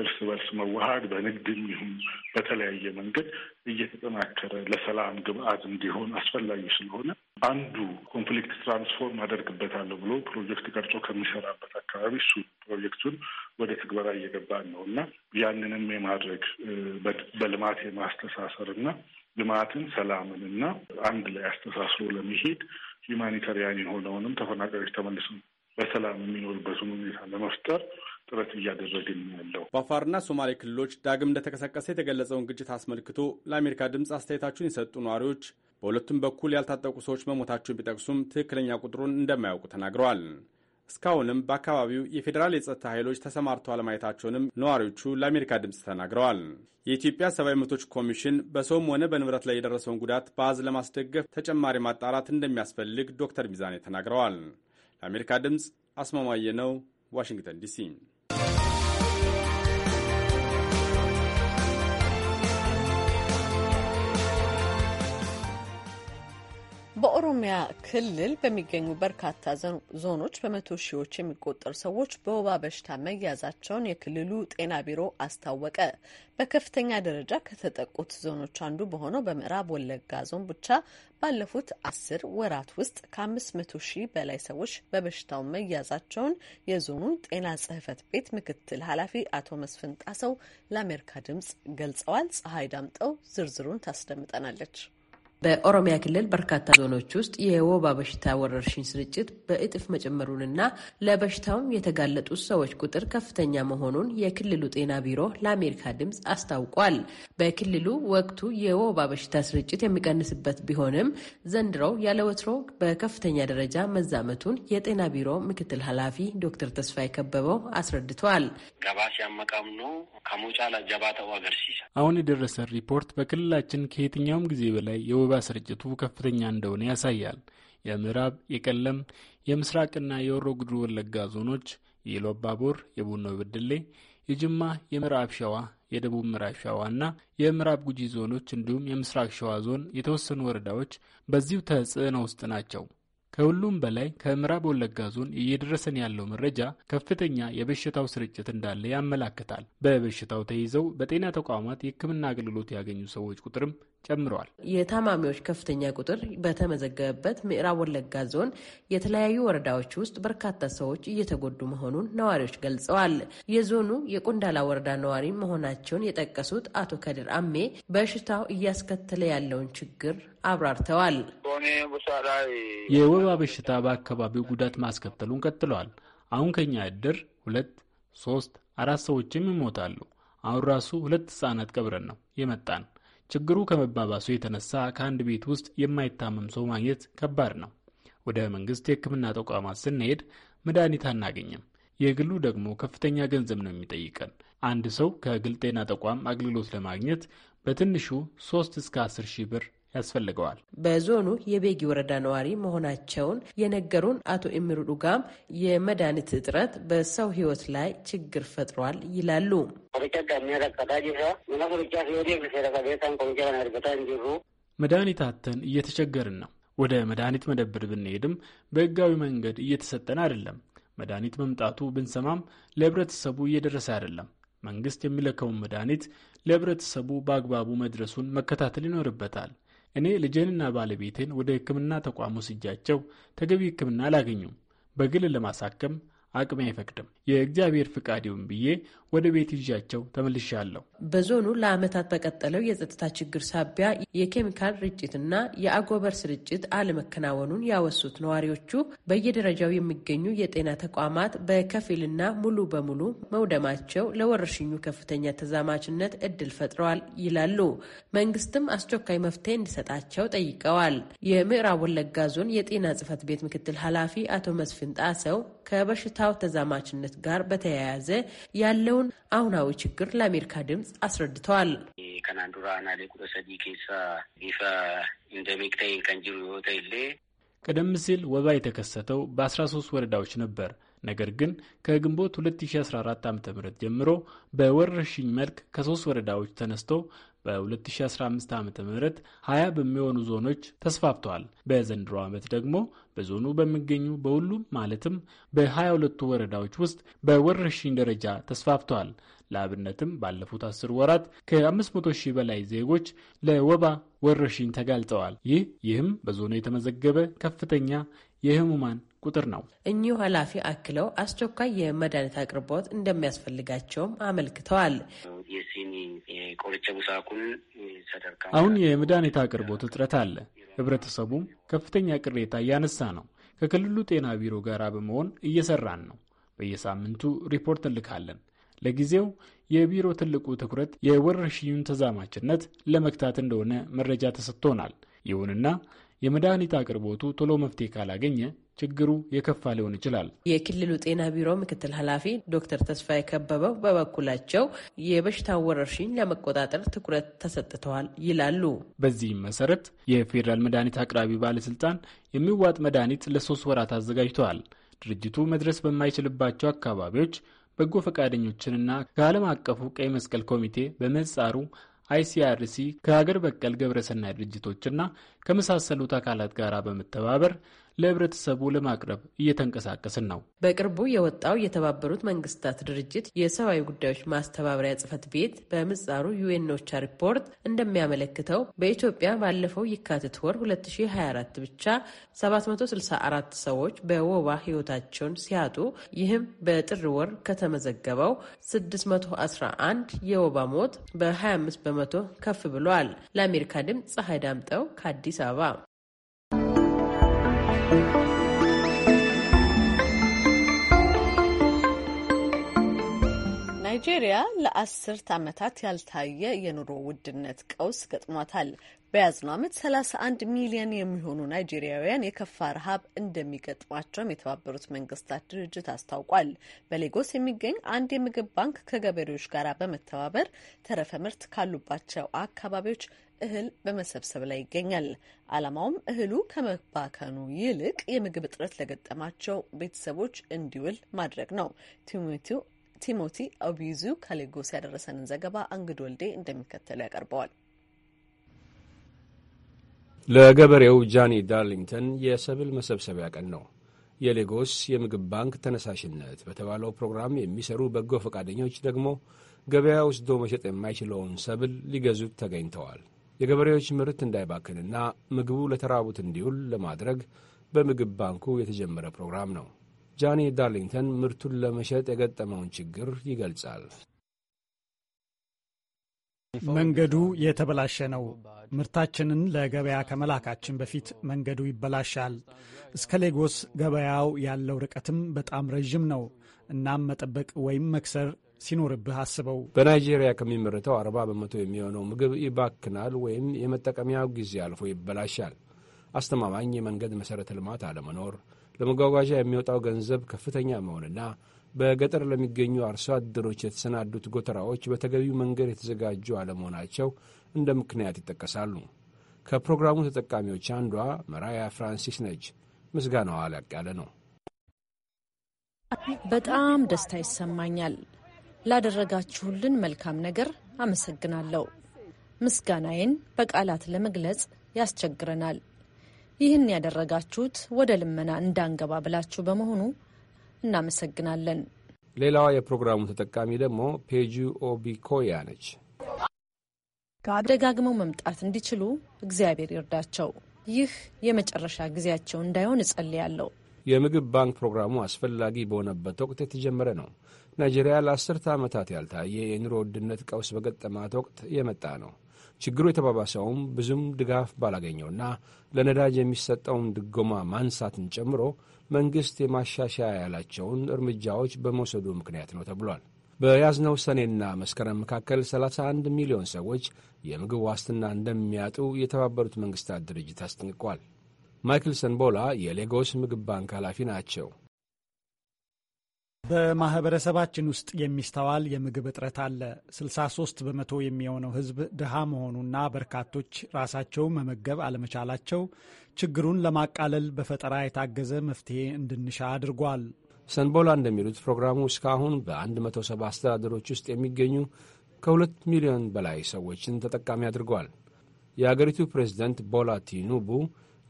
Speaker 10: እርስ በርስ መዋሃድ በንግድም ይሁን በተለያየ መንገድ እየተጠናከረ ለሰላም ግብአት እንዲሆን አስፈላጊ ስለሆነ አንዱ ኮንፍሊክት ትራንስፎርም አደርግበታለሁ ብሎ ፕሮጀክት ቀርጾ ከሚሰራበት አካባቢ እሱ ፕሮጀክቱን ወደ ትግበራ እየገባን ነው እና ያንንም የማድረግ በልማት የማስተሳሰር እና ልማትን ሰላምን እና አንድ ላይ አስተሳስሮ ለመሄድ ሂማኒታሪያን የሆነውንም ተፈናቃዮች ተመልሰው በሰላም የሚኖሩበትን ሁኔታ ለመፍጠር ጥረት እያደረግን ያለው። በአፋርና
Speaker 6: ሶማሌ ክልሎች ዳግም እንደተቀሰቀሰ የተገለጸውን ግጭት አስመልክቶ ለአሜሪካ ድምፅ አስተያየታቸውን የሰጡ ነዋሪዎች በሁለቱም በኩል ያልታጠቁ ሰዎች መሞታቸውን ቢጠቅሱም ትክክለኛ ቁጥሩን እንደማያውቁ ተናግረዋል። እስካሁንም በአካባቢው የፌዴራል የጸጥታ ኃይሎች ተሰማርተው አለማየታቸውንም ነዋሪዎቹ ለአሜሪካ ድምፅ ተናግረዋል። የኢትዮጵያ ሰብአዊ መብቶች ኮሚሽን በሰውም ሆነ በንብረት ላይ የደረሰውን ጉዳት በአዝ ለማስደገፍ ተጨማሪ ማጣራት እንደሚያስፈልግ ዶክተር ሚዛኔ ተናግረዋል። ለአሜሪካ ድምፅ አስማማየ ነው፣ ዋሽንግተን ዲሲ
Speaker 1: በኦሮሚያ ክልል በሚገኙ በርካታ ዞኖች በመቶ ሺዎች የሚቆጠሩ ሰዎች በወባ በሽታ መያዛቸውን የክልሉ ጤና ቢሮ አስታወቀ። በከፍተኛ ደረጃ ከተጠቁት ዞኖች አንዱ በሆነው በምዕራብ ወለጋ ዞን ብቻ ባለፉት አስር ወራት ውስጥ ከአምስት መቶ ሺህ በላይ ሰዎች በበሽታው መያዛቸውን የዞኑ ጤና ጽሕፈት ቤት ምክትል ኃላፊ አቶ መስፍን ጣሰው ለአሜሪካ ድምጽ ገልጸዋል። ፀሐይ ዳምጠው ዝርዝሩን ታስደምጠናለች።
Speaker 11: በኦሮሚያ ክልል በርካታ ዞኖች ውስጥ የወባ በሽታ ወረርሽኝ ስርጭት በእጥፍ መጨመሩንና ለበሽታውም የተጋለጡ ሰዎች ቁጥር ከፍተኛ መሆኑን የክልሉ ጤና ቢሮ ለአሜሪካ ድምፅ አስታውቋል። በክልሉ ወቅቱ የወባ በሽታ ስርጭት የሚቀንስበት ቢሆንም ዘንድሮው ያለ ወትሮ በከፍተኛ ደረጃ መዛመቱን የጤና
Speaker 7: ቢሮ ምክትል ኃላፊ ዶክተር ተስፋይ ከበበው አስረድተዋል። ገባ
Speaker 2: ሲያመቃም ነው ከሞጫ ጀባተው አገርሲሳ
Speaker 7: አሁን የደረሰ ሪፖርት በክልላችን ከየትኛውም ጊዜ በላይ የወባ ስርጭቱ ከፍተኛ እንደሆነ ያሳያል። የምዕራብ፣ የቀለም፣ የምስራቅና የወሮ ጉድሩ ወለጋ ዞኖች የሎባቦር፣ የቡኖ በደሌ፣ የጅማ፣ የምዕራብ ሸዋ፣ የደቡብ ምዕራብ ሸዋና የምዕራብ ጉጂ ዞኖች እንዲሁም የምስራቅ ሸዋ ዞን የተወሰኑ ወረዳዎች በዚሁ ተጽዕኖ ውስጥ ናቸው። ከሁሉም በላይ ከምዕራብ ወለጋ ዞን እየደረሰን ያለው መረጃ ከፍተኛ የበሽታው ስርጭት እንዳለ ያመላክታል። በበሽታው ተይዘው በጤና ተቋማት የሕክምና አገልግሎት ያገኙ ሰዎች ቁጥርም ጨምረዋል።
Speaker 11: የታማሚዎች ከፍተኛ ቁጥር በተመዘገበበት ምዕራብ ወለጋ ዞን የተለያዩ ወረዳዎች ውስጥ በርካታ ሰዎች እየተጎዱ መሆኑን ነዋሪዎች ገልጸዋል። የዞኑ የቆንዳላ ወረዳ ነዋሪ መሆናቸውን የጠቀሱት አቶ ከድር አሜ በሽታው እያስከተለ ያለውን ችግር
Speaker 7: አብራርተዋል። የወባ በሽታ በአካባቢው ጉዳት ማስከተሉን ቀጥለዋል። አሁን ከኛ እድር ሁለት፣ ሶስት፣ አራት ሰዎችም ይሞታሉ። አሁን ራሱ ሁለት ህጻናት ቀብረን ነው የመጣን ችግሩ ከመባባሱ የተነሳ ከአንድ ቤት ውስጥ የማይታመም ሰው ማግኘት ከባድ ነው። ወደ መንግስት የሕክምና ተቋማት ስንሄድ መድኃኒት አናገኝም። የግሉ ደግሞ ከፍተኛ ገንዘብ ነው የሚጠይቀን። አንድ ሰው ከግል ጤና ተቋም አገልግሎት ለማግኘት በትንሹ ሶስት እስከ አስር ሺህ ብር ያስፈልገዋል።
Speaker 11: በዞኑ የቤጊ ወረዳ ነዋሪ መሆናቸውን የነገሩን አቶ ኤምሩ ዱጋም የመድኃኒት እጥረት በሰው ሕይወት ላይ ችግር ፈጥሯል ይላሉ።
Speaker 7: መድኃኒታተን እየተቸገርን ነው። ወደ መድኃኒት መደብር ብንሄድም በህጋዊ መንገድ እየተሰጠን አይደለም። መድኃኒት መምጣቱ ብንሰማም ለህብረተሰቡ እየደረሰ አይደለም። መንግስት የሚለከውን መድኃኒት ለህብረተሰቡ በአግባቡ መድረሱን መከታተል ይኖርበታል። እኔ ልጄንና ባለቤቴን ወደ ሕክምና ተቋም ወስጃቸው ተገቢ ሕክምና አላገኙም። በግል ለማሳከም አቅሜ አይፈቅድም። የእግዚአብሔር ፍቃድ ይሁን ብዬ ወደ ቤት ይዣቸው ተመልሻለሁ።
Speaker 11: በዞኑ ለዓመታት በቀጠለው የጸጥታ ችግር ሳቢያ የኬሚካል ርጭትና የአጎበር ስርጭት አለመከናወኑን ያወሱት ነዋሪዎቹ በየደረጃው የሚገኙ የጤና ተቋማት በከፊልና ሙሉ በሙሉ መውደማቸው ለወረርሽኙ ከፍተኛ ተዛማችነት እድል ፈጥረዋል ይላሉ። መንግስትም አስቸኳይ መፍትሄ እንዲሰጣቸው ጠይቀዋል። የምዕራብ ወለጋ ዞን የጤና ጽህፈት ቤት ምክትል ኃላፊ አቶ መስፍን ጣሰው ከበሽታ ከፍታው ተዛማችነት ጋር በተያያዘ ያለውን አሁናዊ ችግር
Speaker 7: ለአሜሪካ ድምፅ አስረድተዋል። ቀደም ሲል ወባ የተከሰተው በ13 ወረዳዎች ነበር። ነገር ግን ከግንቦት 2014 ም ጀምሮ በወረርሽኝ መልክ ከሶስት ወረዳዎች ተነስተው በ2015 ዓ ም 20 በሚሆኑ ዞኖች ተስፋፍተዋል። በዘንድሮ ዓመት ደግሞ በዞኑ በሚገኙ በሁሉም ማለትም በ22ቱ ወረዳዎች ውስጥ በወረርሽኝ ደረጃ ተስፋፍተዋል። ለአብነትም ባለፉት አስር ወራት ከ500 ሺህ በላይ ዜጎች ለወባ ወረርሽኝ ተጋልጠዋል። ይህ ይህም በዞኑ የተመዘገበ ከፍተኛ የህሙማን ቁጥር ነው። እኚሁ ኃላፊ
Speaker 11: አክለው አስቸኳይ የመድኃኒት አቅርቦት እንደሚያስፈልጋቸውም አመልክተዋል።
Speaker 2: አሁን
Speaker 7: የመድኃኒት አቅርቦት እጥረት አለ። ህብረተሰቡም ከፍተኛ ቅሬታ እያነሳ ነው። ከክልሉ ጤና ቢሮ ጋር በመሆን እየሰራን ነው። በየሳምንቱ ሪፖርት እንልካለን። ለጊዜው የቢሮ ትልቁ ትኩረት የወረርሽኙን ተዛማችነት ለመግታት እንደሆነ መረጃ ተሰጥቶናል። ይሁንና የመድኃኒት አቅርቦቱ ቶሎ መፍትሄ ካላገኘ ችግሩ የከፋ ሊሆን ይችላል። የክልሉ ጤና ቢሮ ምክትል ኃላፊ ዶክተር ተስፋዬ ከበበው በበኩላቸው የበሽታው ወረርሽኝ ለመቆጣጠር ትኩረት ተሰጥተዋል ይላሉ። በዚህም መሰረት የፌዴራል መድኃኒት አቅራቢ ባለስልጣን የሚዋጥ መድኃኒት ለሶስት ወራት አዘጋጅተዋል። ድርጅቱ መድረስ በማይችልባቸው አካባቢዎች በጎ ፈቃደኞችንና ከዓለም አቀፉ ቀይ መስቀል ኮሚቴ በምህጻሩ አይሲአርሲ ከሀገር በቀል ግብረሰናይ ድርጅቶችና ከመሳሰሉት አካላት ጋር በመተባበር ለህብረተሰቡ ለማቅረብ እየተንቀሳቀስን ነው። በቅርቡ የወጣው የተባበሩት መንግስታት ድርጅት የሰብአዊ ጉዳዮች ማስተባበሪያ
Speaker 11: ጽህፈት ቤት በምህጻሩ ዩኤንኦቻ ሪፖርት እንደሚያመለክተው በኢትዮጵያ ባለፈው የካቲት ወር 2024 ብቻ 764 ሰዎች በወባ ህይወታቸውን ሲያጡ ይህም በጥር ወር ከተመዘገበው 611 የወባ ሞት በ25 በመቶ ከፍ ብሏል። ለአሜሪካ ድምፅ ፀሐይ ዳምጠው ከአዲስ አበባ
Speaker 1: ናይጄሪያ ለአስርት ዓመታት ያልታየ የኑሮ ውድነት ቀውስ ገጥሟታል። በያዝነው ዓመት 31 ሚሊዮን የሚሆኑ ናይጄሪያውያን የከፋ ረሃብ እንደሚገጥማቸውም የተባበሩት መንግስታት ድርጅት አስታውቋል። በሌጎስ የሚገኝ አንድ የምግብ ባንክ ከገበሬዎች ጋር በመተባበር ተረፈ ምርት ካሉባቸው አካባቢዎች እህል በመሰብሰብ ላይ ይገኛል። ዓላማውም እህሉ ከመባከኑ ይልቅ የምግብ እጥረት ለገጠማቸው ቤተሰቦች እንዲውል ማድረግ ነው። ቲሞቲው ቲሞቲ ኦቢዙ ከሌጎስ ያደረሰንን ዘገባ እንግድ ወልዴ እንደሚከተለው ያቀርበዋል።
Speaker 12: ለገበሬው ጃኒ ዳርሊንግተን የሰብል መሰብሰቢያ ቀን ነው። የሌጎስ የምግብ ባንክ ተነሳሽነት በተባለው ፕሮግራም የሚሰሩ በጎ ፈቃደኞች ደግሞ ገበያ ወስዶ መሸጥ የማይችለውን ሰብል ሊገዙት ተገኝተዋል። የገበሬዎች ምርት እንዳይባክንና ምግቡ ለተራቡት እንዲውል ለማድረግ በምግብ ባንኩ የተጀመረ ፕሮግራም ነው። ጃኒ ዳርሊንግተን ምርቱን ለመሸጥ የገጠመውን ችግር ይገልጻል።
Speaker 13: መንገዱ የተበላሸ ነው። ምርታችንን ለገበያ ከመላካችን በፊት መንገዱ ይበላሻል። እስከ ሌጎስ ገበያው ያለው ርቀትም በጣም ረዥም ነው። እናም መጠበቅ ወይም መክሰር ሲኖርብህ አስበው።
Speaker 7: በናይጄሪያ
Speaker 12: ከሚመረተው አርባ በመቶ የሚሆነው ምግብ ይባክናል ወይም የመጠቀሚያው ጊዜ አልፎ ይበላሻል። አስተማማኝ የመንገድ መሠረተ ልማት አለመኖር፣ ለመጓጓዣ የሚወጣው ገንዘብ ከፍተኛ መሆንና በገጠር ለሚገኙ አርሶ አደሮች የተሰናዱት ጎተራዎች በተገቢው መንገድ የተዘጋጁ አለመሆናቸው እንደ ምክንያት ይጠቀሳሉ። ከፕሮግራሙ ተጠቃሚዎች አንዷ መራያ ፍራንሲስ ነች። ምስጋናዋ ላቅ ያለ ነው።
Speaker 1: በጣም ደስታ ይሰማኛል። ላደረጋችሁልን መልካም ነገር አመሰግናለሁ። ምስጋናዬን በቃላት ለመግለጽ ያስቸግረናል። ይህን ያደረጋችሁት ወደ ልመና እንዳንገባ ብላችሁ በመሆኑ እናመሰግናለን።
Speaker 12: ሌላዋ የፕሮግራሙ ተጠቃሚ ደግሞ ፔጁ ኦቢኮያ ነች።
Speaker 1: ደጋግመው መምጣት እንዲችሉ እግዚአብሔር ይርዳቸው። ይህ የመጨረሻ ጊዜያቸው እንዳይሆን እጸልያለሁ።
Speaker 12: የምግብ ባንክ ፕሮግራሙ አስፈላጊ በሆነበት ወቅት የተጀመረ ነው። ናይጄሪያ ለአስርተ ዓመታት ያልታየ የኑሮ ውድነት ቀውስ በገጠማት ወቅት የመጣ ነው። ችግሩ የተባባሰውም ብዙም ድጋፍ ባላገኘውና ለነዳጅ የሚሰጠውን ድጎማ ማንሳትን ጨምሮ መንግሥት የማሻሻያ ያላቸውን እርምጃዎች በመውሰዱ ምክንያት ነው ተብሏል። በያዝነው ሰኔና መስከረም መካከል 31 ሚሊዮን ሰዎች የምግብ ዋስትና እንደሚያጡ የተባበሩት መንግሥታት ድርጅት አስጠንቅቋል። ማይክል ሰንቦላ የሌጎስ ምግብ ባንክ ኃላፊ ናቸው።
Speaker 13: በማህበረሰባችን ውስጥ የሚስተዋል የምግብ እጥረት አለ። 63 በመቶ የሚሆነው ህዝብ ድሃ መሆኑና በርካቶች ራሳቸው መመገብ አለመቻላቸው ችግሩን ለማቃለል በፈጠራ የታገዘ መፍትሄ እንድንሻ አድርጓል። ሰንቦላ እንደሚሉት ፕሮግራሙ እስካሁን በ170 አስተዳደሮች ውስጥ የሚገኙ
Speaker 12: ከሁለት ሚሊዮን በላይ ሰዎችን ተጠቃሚ አድርጓል። የአገሪቱ ፕሬዝደንት ቦላ ቲኑቡ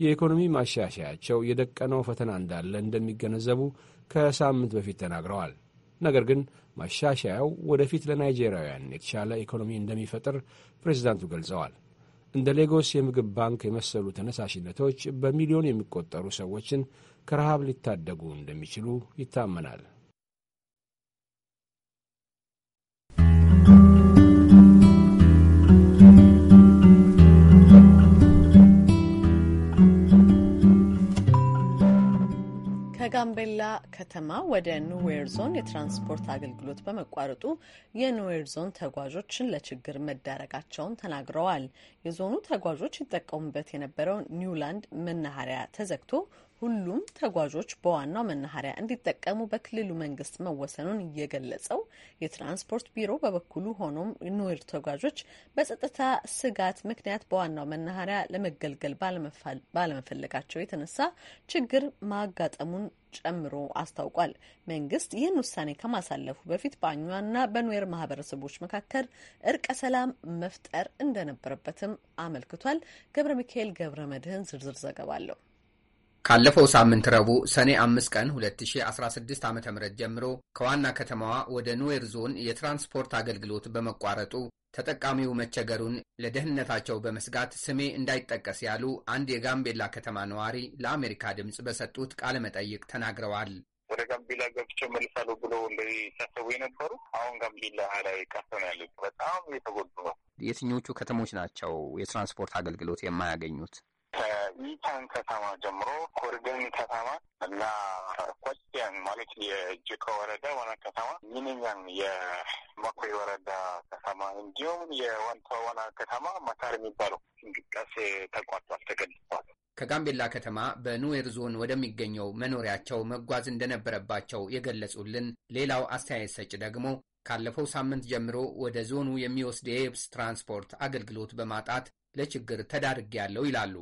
Speaker 12: የኢኮኖሚ ማሻሻያቸው የደቀነው ፈተና እንዳለ እንደሚገነዘቡ ከሳምንት በፊት ተናግረዋል። ነገር ግን ማሻሻያው ወደፊት ለናይጄሪያውያን የተሻለ ኢኮኖሚ እንደሚፈጥር ፕሬዚዳንቱ ገልጸዋል። እንደ ሌጎስ የምግብ ባንክ የመሰሉ ተነሳሽነቶች በሚሊዮን የሚቆጠሩ ሰዎችን ከረሃብ ሊታደጉ እንደሚችሉ ይታመናል።
Speaker 1: ከጋምቤላ ከተማ ወደ ኑዌር ዞን የትራንስፖርት አገልግሎት በመቋረጡ የኑዌር ዞን ተጓዦችን ለችግር መዳረጋቸውን ተናግረዋል። የዞኑ ተጓዦች ይጠቀሙበት የነበረው ኒውላንድ መናኸሪያ ተዘግቶ ሁሉም ተጓዦች በዋናው መናኸሪያ እንዲጠቀሙ በክልሉ መንግስት መወሰኑን የገለጸው የትራንስፖርት ቢሮ በበኩሉ ሆኖም ኑዌር ተጓዦች በጸጥታ ስጋት ምክንያት በዋናው መናኸሪያ ለመገልገል ባለመፈለጋቸው የተነሳ ችግር ማጋጠሙን ጨምሮ አስታውቋል። መንግስት ይህን ውሳኔ ከማሳለፉ በፊት በአኟና በኑዌር ማህበረሰቦች መካከል እርቀ ሰላም መፍጠር እንደነበረበትም አመልክቷል። ገብረ ሚካኤል ገብረ
Speaker 8: መድህን ዝርዝር ዘገባ አለው። ካለፈው ሳምንት ረቡዕ ሰኔ 5 ቀን 2016 ዓ ም ጀምሮ ከዋና ከተማዋ ወደ ኑዌር ዞን የትራንስፖርት አገልግሎት በመቋረጡ ተጠቃሚው መቸገሩን ለደህንነታቸው በመስጋት ስሜ እንዳይጠቀስ ያሉ አንድ የጋምቤላ ከተማ ነዋሪ ለአሜሪካ ድምፅ በሰጡት ቃለ መጠይቅ ተናግረዋል። ወደ ጋምቤላ ገብቼ መልሳለሁ
Speaker 2: ብሎ ሳሰቡ የነበሩ አሁን ጋምቤላ ላይ ቀርተው ያሉት በጣም የተጎዱ ነው።
Speaker 8: የትኞቹ ከተሞች ናቸው የትራንስፖርት አገልግሎት የማያገኙት?
Speaker 2: ከኢታን ከተማ ጀምሮ ኮርገኒ ከተማ እና ኮስቲያን ማለት የጅቆ ወረዳ ዋና ከተማ ሚንኛን የማኮይ ወረዳ ከተማ እንዲሁም የዋንታ ዋና ከተማ ማታር የሚባለው እንቅስቃሴ ተቋርጧል፣
Speaker 8: ተገድቧል። ከጋምቤላ ከተማ በኑዌር ዞን ወደሚገኘው መኖሪያቸው መጓዝ እንደነበረባቸው የገለጹልን ሌላው አስተያየት ሰጭ ደግሞ ካለፈው ሳምንት ጀምሮ ወደ ዞኑ የሚወስድ የየብስ ትራንስፖርት አገልግሎት በማጣት ለችግር ያለው ይላሉ።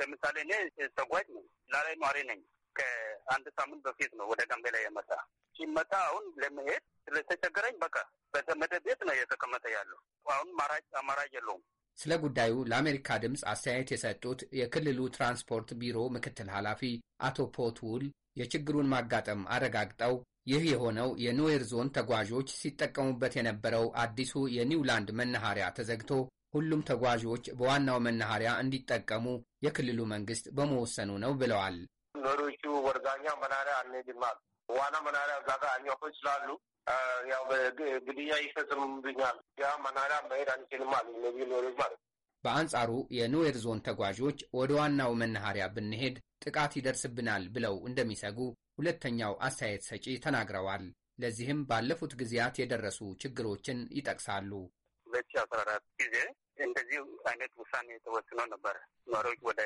Speaker 2: ለምሳሌ እኔ ተጓዥ ነኝ፣ ላላይ ኗሪ ነኝ። ከአንድ ሳምንት በፊት ነው ወደ ጋምቤላ የመጣ ሲመጣ አሁን ለመሄድ ስለተቸገረኝ በቃ በዘመደ ቤት ነው እየተቀመጠ
Speaker 8: ያለው። አሁን ማራጅ አማራጭ የለውም። ስለ ጉዳዩ ለአሜሪካ ድምፅ አስተያየት የሰጡት የክልሉ ትራንስፖርት ቢሮ ምክትል ኃላፊ አቶ ፖትውል የችግሩን ማጋጠም አረጋግጠው ይህ የሆነው የኖዌር ዞን ተጓዦች ሲጠቀሙበት የነበረው አዲሱ የኒውላንድ መናኸሪያ ተዘግቶ ሁሉም ተጓዦች በዋናው መናኸሪያ እንዲጠቀሙ የክልሉ መንግስት በመወሰኑ ነው ብለዋል።
Speaker 2: መሪዎቹ ወርጋኛ መናኸሪያ አንሄድም አሉ። ዋና መናኸሪያ እዛ ጋር አኛኮች ያው ግድያ
Speaker 8: ይፈጽምብኛል ያ መናኸሪያ መሄድ አንችልም አሉ እነዚህ መሪዎች ማለት ነው። በአንጻሩ የኑዌር ዞን ተጓዦች ወደ ዋናው መናኸሪያ ብንሄድ ጥቃት ይደርስብናል ብለው እንደሚሰጉ ሁለተኛው አስተያየት ሰጪ ተናግረዋል። ለዚህም ባለፉት ጊዜያት የደረሱ ችግሮችን ይጠቅሳሉ።
Speaker 2: ሁለት ሺ አስራ አራት ጊዜ እንደዚህ አይነት ውሳኔ ተወስኖ ነበር። ነዋሪዎች ወደ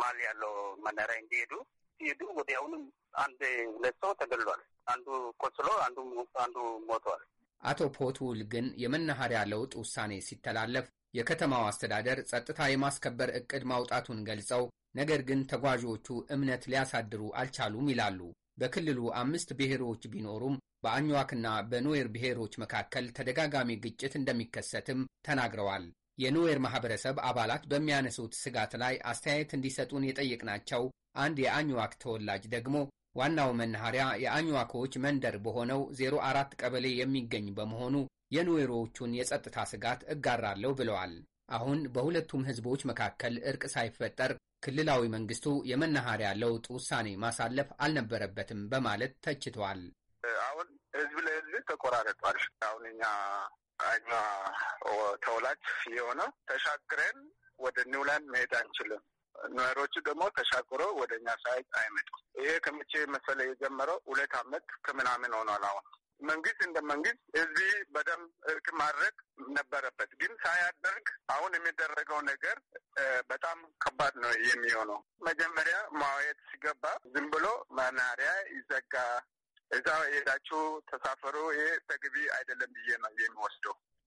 Speaker 2: ማል ያለው መናሪያ እንዲሄዱ ሲሄዱ ወዲያውኑም አንድ ሁለት ሰው ተገሏል። አንዱ ቆስሎ አንዱ አንዱ ሞቷል።
Speaker 8: አቶ ፖቱል ግን የመናኸሪያ ለውጥ ውሳኔ ሲተላለፍ የከተማው አስተዳደር ጸጥታ የማስከበር እቅድ ማውጣቱን ገልጸው ነገር ግን ተጓዦቹ እምነት ሊያሳድሩ አልቻሉም ይላሉ። በክልሉ አምስት ብሔሮች ቢኖሩም በአኟዋክና በኖዌር ብሔሮች መካከል ተደጋጋሚ ግጭት እንደሚከሰትም ተናግረዋል። የኑዌር ማህበረሰብ አባላት በሚያነሱት ስጋት ላይ አስተያየት እንዲሰጡን የጠየቅናቸው አንድ የአኝዋክ ተወላጅ ደግሞ ዋናው መናኸሪያ የአኝዋኮዎች መንደር በሆነው 04 ቀበሌ የሚገኝ በመሆኑ የኑዌሮዎቹን የጸጥታ ስጋት እጋራለሁ ብለዋል። አሁን በሁለቱም ህዝቦች መካከል እርቅ ሳይፈጠር ክልላዊ መንግስቱ የመናኸሪያ ለውጥ ውሳኔ ማሳለፍ አልነበረበትም በማለት ተችቷል።
Speaker 2: አሁን ህዝብ ለህዝብ ተቆራረጧል። አሁን እኛ አኛ ተወላጅ የሆነ ተሻግረን ወደ ኒውላንድ መሄድ አንችልም። ነዋሪዎቹ ደግሞ ተሻግሮ ወደ እኛ ሳይት አይመጡ። ይሄ ከመቼ መሰለ የጀመረው ሁለት አመት ከምናምን ሆኗል። አሁን መንግስት እንደ መንግስት እዚህ በደንብ እርቅ ማድረግ ነበረበት፣ ግን ሳያደርግ አሁን የሚደረገው ነገር በጣም ከባድ ነው የሚሆነው። መጀመሪያ ማዋየት ሲገባ ዝም ብሎ መናሪያ ይዘጋ፣ እዛ ሄዳችሁ ተሳፈሩ። ይሄ ተገቢ አይደለም ብዬ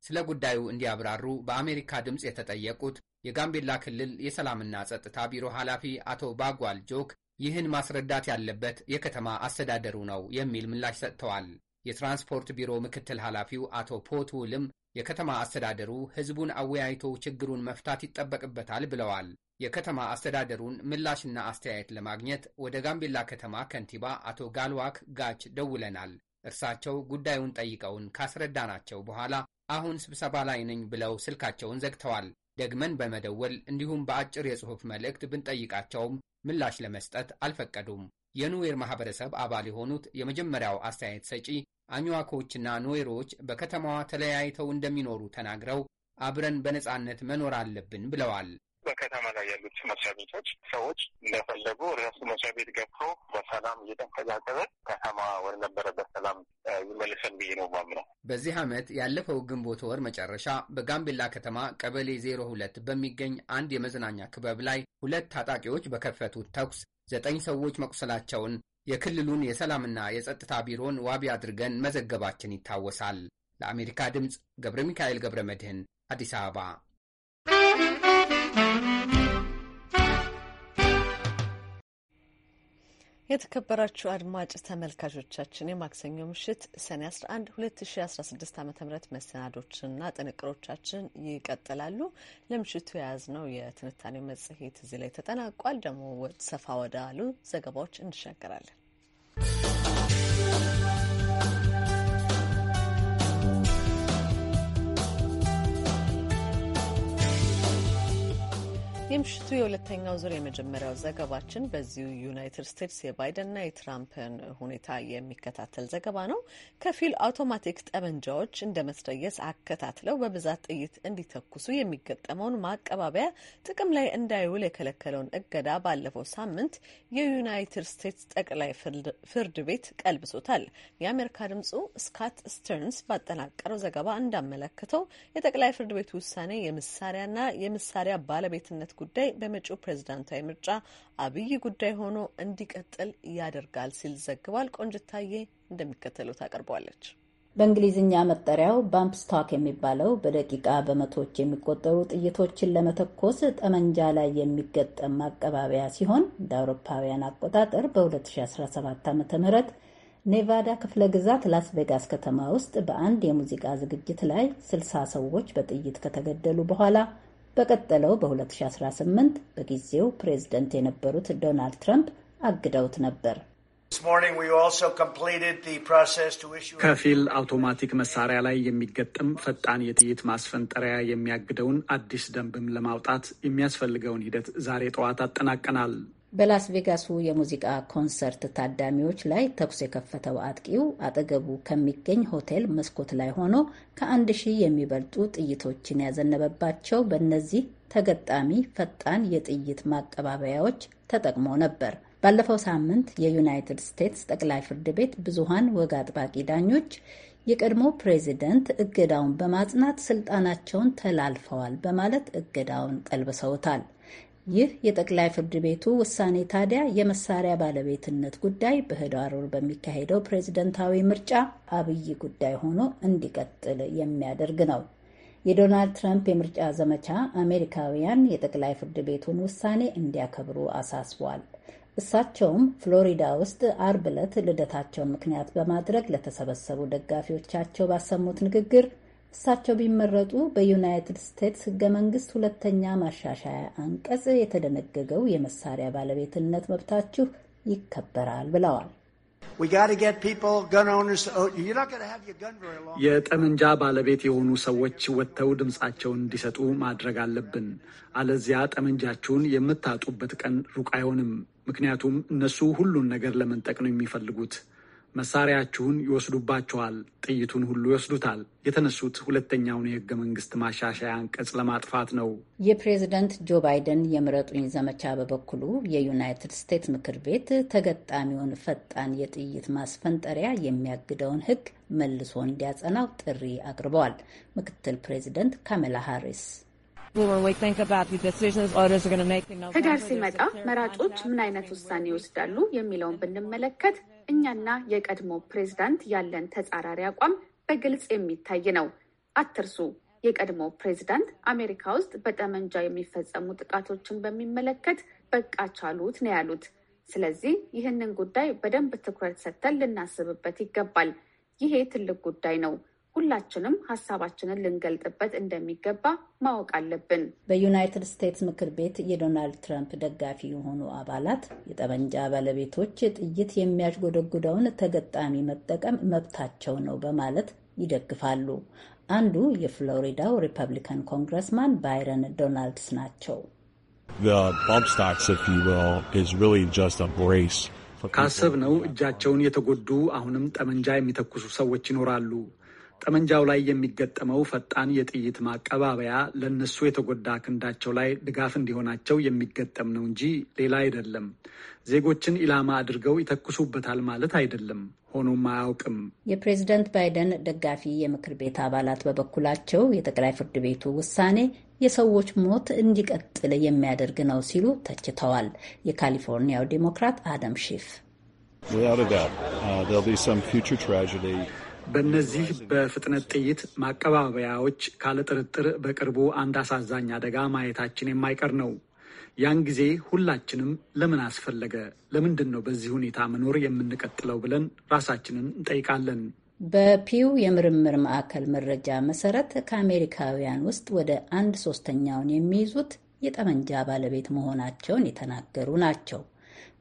Speaker 8: ስለ ጉዳዩ እንዲያብራሩ በአሜሪካ ድምፅ የተጠየቁት የጋምቤላ ክልል የሰላምና ጸጥታ ቢሮ ኃላፊ አቶ ባጓል ጆክ ይህን ማስረዳት ያለበት የከተማ አስተዳደሩ ነው የሚል ምላሽ ሰጥተዋል። የትራንስፖርት ቢሮ ምክትል ኃላፊው አቶ ፖት ውልም የከተማ አስተዳደሩ ሕዝቡን አወያይቶ ችግሩን መፍታት ይጠበቅበታል ብለዋል። የከተማ አስተዳደሩን ምላሽና አስተያየት ለማግኘት ወደ ጋምቤላ ከተማ ከንቲባ አቶ ጋልዋክ ጋች ደውለናል። እርሳቸው ጉዳዩን ጠይቀውን ካስረዳናቸው በኋላ አሁን ስብሰባ ላይ ነኝ ብለው ስልካቸውን ዘግተዋል። ደግመን በመደወል እንዲሁም በአጭር የጽሑፍ መልእክት ብንጠይቃቸውም ምላሽ ለመስጠት አልፈቀዱም። የኑዌር ማህበረሰብ አባል የሆኑት የመጀመሪያው አስተያየት ሰጪ አኝዋኮችና ኑዌሮች በከተማዋ ተለያይተው እንደሚኖሩ ተናግረው አብረን በነጻነት መኖር አለብን ብለዋል። በከተማ ላይ
Speaker 2: ያሉት መስሪያ ቤቶች ሰዎች እንደፈለጉ ወደ እነሱ መስሪያ ቤት ገብቶ በሰላም እየተንቀሳቀሰ ከተማ ወደነበረበት ሰላም
Speaker 8: ይመልሰን ብዬ ነው ማምነው። በዚህ ዓመት ያለፈው ግንቦት ወር መጨረሻ በጋምቤላ ከተማ ቀበሌ ዜሮ ሁለት በሚገኝ አንድ የመዝናኛ ክበብ ላይ ሁለት ታጣቂዎች በከፈቱት ተኩስ ዘጠኝ ሰዎች መቁሰላቸውን የክልሉን የሰላምና የጸጥታ ቢሮን ዋቢ አድርገን መዘገባችን ይታወሳል። ለአሜሪካ ድምፅ ገብረ ሚካኤል ገብረ መድህን አዲስ አበባ
Speaker 1: የተከበራችሁ አድማጭ ተመልካቾቻችን የማክሰኞ ምሽት ሰኔ 11 2016 ዓ ም መሰናዶችንና ጥንቅሮቻችን ይቀጥላሉ። ለምሽቱ የያዝነው የትንታኔው መጽሔት እዚህ ላይ ተጠናቋል። ደግሞ ሰፋ ወዳሉ ዘገባዎች እንሻገራለን። የምሽቱ የሁለተኛው ዙር የመጀመሪያው ዘገባችን በዚሁ ዩናይትድ ስቴትስ የባይደንና የትራምፕን ሁኔታ የሚከታተል ዘገባ ነው። ከፊል አውቶማቲክ ጠመንጃዎች እንደ መስደየስ አከታትለው በብዛት ጥይት እንዲተኩሱ የሚገጠመውን ማቀባበያ ጥቅም ላይ እንዳይውል የከለከለውን እገዳ ባለፈው ሳምንት የዩናይትድ ስቴትስ ጠቅላይ ፍርድ ቤት ቀልብሶታል። የአሜሪካ ድምጹ ስካት ስተርንስ ባጠናቀረው ዘገባ እንዳመለከተው የጠቅላይ ፍርድ ቤቱ ውሳኔ የመሳሪያና የመሳሪያ ባለቤትነት ጉዳይ በመጪው ፕሬዝዳንታዊ ምርጫ አብይ ጉዳይ ሆኖ እንዲቀጥል ያደርጋል ሲል ዘግቧል። ቆንጅታዬ እንደሚከተለው ታቀርበዋለች።
Speaker 14: በእንግሊዝኛ መጠሪያው ባምፕ ስታክ የሚባለው በደቂቃ በመቶዎች የሚቆጠሩ ጥይቶችን ለመተኮስ ጠመንጃ ላይ የሚገጠም ማቀባበያ ሲሆን እንደ አውሮፓውያን አቆጣጠር በ2017 ዓ ም ኔቫዳ ክፍለ ግዛት ላስ ቬጋስ ከተማ ውስጥ በአንድ የሙዚቃ ዝግጅት ላይ 60 ሰዎች በጥይት ከተገደሉ በኋላ በቀጠለው በ2018 በጊዜው ፕሬዝደንት የነበሩት ዶናልድ ትራምፕ አግደውት ነበር።
Speaker 13: ከፊል አውቶማቲክ መሳሪያ ላይ የሚገጥም ፈጣን የጥይት ማስፈንጠሪያ የሚያግደውን አዲስ ደንብም ለማውጣት የሚያስፈልገውን ሂደት ዛሬ ጠዋት አጠናቀናል።
Speaker 14: በላስ ቬጋሱ የሙዚቃ ኮንሰርት ታዳሚዎች ላይ ተኩስ የከፈተው አጥቂው አጠገቡ ከሚገኝ ሆቴል መስኮት ላይ ሆኖ ከአንድ ሺህ የሚበልጡ ጥይቶችን ያዘነበባቸው በእነዚህ ተገጣሚ ፈጣን የጥይት ማቀባበያዎች ተጠቅሞ ነበር። ባለፈው ሳምንት የዩናይትድ ስቴትስ ጠቅላይ ፍርድ ቤት ብዙሃን ወግ አጥባቂ ዳኞች የቀድሞ ፕሬዚደንት እገዳውን በማጽናት ስልጣናቸውን ተላልፈዋል በማለት እገዳውን ቀልብሰውታል። ይህ የጠቅላይ ፍርድ ቤቱ ውሳኔ ታዲያ የመሳሪያ ባለቤትነት ጉዳይ በህዳር ወር በሚካሄደው ፕሬዝደንታዊ ምርጫ አብይ ጉዳይ ሆኖ እንዲቀጥል የሚያደርግ ነው። የዶናልድ ትራምፕ የምርጫ ዘመቻ አሜሪካውያን የጠቅላይ ፍርድ ቤቱን ውሳኔ እንዲያከብሩ አሳስቧል። እሳቸውም ፍሎሪዳ ውስጥ አርብ ዕለት ልደታቸውን ምክንያት በማድረግ ለተሰበሰቡ ደጋፊዎቻቸው ባሰሙት ንግግር እሳቸው ቢመረጡ በዩናይትድ ስቴትስ ህገ መንግስት ሁለተኛ ማሻሻያ አንቀጽ የተደነገገው የመሳሪያ ባለቤትነት መብታችሁ ይከበራል ብለዋል። oh,
Speaker 13: የጠመንጃ ባለቤት የሆኑ ሰዎች ወጥተው ድምፃቸውን እንዲሰጡ ማድረግ አለብን። አለዚያ ጠመንጃችሁን የምታጡበት ቀን ሩቅ አይሆንም። ምክንያቱም እነሱ ሁሉን ነገር ለመንጠቅ ነው የሚፈልጉት። መሳሪያችሁን ይወስዱባችኋል፣ ጥይቱን ሁሉ ይወስዱታል። የተነሱት ሁለተኛውን የህገ መንግስት ማሻሻያ አንቀጽ ለማጥፋት ነው።
Speaker 14: የፕሬዝደንት ጆ ባይደን የምረጡኝ ዘመቻ በበኩሉ የዩናይትድ ስቴትስ ምክር ቤት ተገጣሚውን ፈጣን የጥይት ማስፈንጠሪያ የሚያግደውን ህግ መልሶ እንዲያጸናው ጥሪ አቅርበዋል። ምክትል ፕሬዝደንት ካሜላ ሃሪስ ህዳር ሲመጣ መራጮች ምን አይነት ውሳኔ ይወስዳሉ የሚለውን ብንመለከት እኛና የቀድሞ ፕሬዝዳንት ያለን ተጻራሪ አቋም በግልጽ የሚታይ ነው። አትርሱ፣ የቀድሞ ፕሬዝዳንት አሜሪካ ውስጥ በጠመንጃ የሚፈጸሙ ጥቃቶችን በሚመለከት በቃ ቻሉት ነው ያሉት። ስለዚህ ይህንን ጉዳይ በደንብ ትኩረት ሰጥተን ልናስብበት ይገባል። ይሄ ትልቅ ጉዳይ ነው። ሁላችንም ሀሳባችንን ልንገልጥበት እንደሚገባ ማወቅ አለብን። በዩናይትድ ስቴትስ ምክር ቤት የዶናልድ ትራምፕ ደጋፊ የሆኑ አባላት የጠመንጃ ባለቤቶች ጥይት የሚያሽጎደጉደውን ተገጣሚ መጠቀም መብታቸው ነው በማለት ይደግፋሉ። አንዱ የፍሎሪዳው ሪፐብሊካን ኮንግረስማን ባይረን ዶናልድስ ናቸው።
Speaker 13: ነው እጃቸውን የተጎዱ አሁንም ጠመንጃ የሚተኩሱ ሰዎች ይኖራሉ። ጠመንጃው ላይ የሚገጠመው ፈጣን የጥይት ማቀባበያ ለእነሱ የተጎዳ ክንዳቸው ላይ ድጋፍ እንዲሆናቸው የሚገጠም ነው እንጂ ሌላ አይደለም። ዜጎችን ኢላማ አድርገው ይተኩሱበታል ማለት አይደለም። ሆኖም
Speaker 14: አያውቅም። የፕሬዝደንት ባይደን ደጋፊ የምክር ቤት አባላት በበኩላቸው የጠቅላይ ፍርድ ቤቱ ውሳኔ የሰዎች ሞት እንዲቀጥል የሚያደርግ ነው ሲሉ ተችተዋል። የካሊፎርኒያው ዴሞክራት አደም ሺፍ
Speaker 13: በእነዚህ በፍጥነት ጥይት ማቀባበያዎች ካለጥርጥር በቅርቡ አንድ አሳዛኝ አደጋ ማየታችን የማይቀር ነው። ያን ጊዜ ሁላችንም ለምን አስፈለገ፣ ለምንድን ነው በዚህ ሁኔታ መኖር የምንቀጥለው ብለን ራሳችንን እንጠይቃለን።
Speaker 14: በፒው የምርምር ማዕከል መረጃ መሰረት ከአሜሪካውያን ውስጥ ወደ አንድ ሶስተኛውን የሚይዙት የጠመንጃ ባለቤት መሆናቸውን የተናገሩ ናቸው።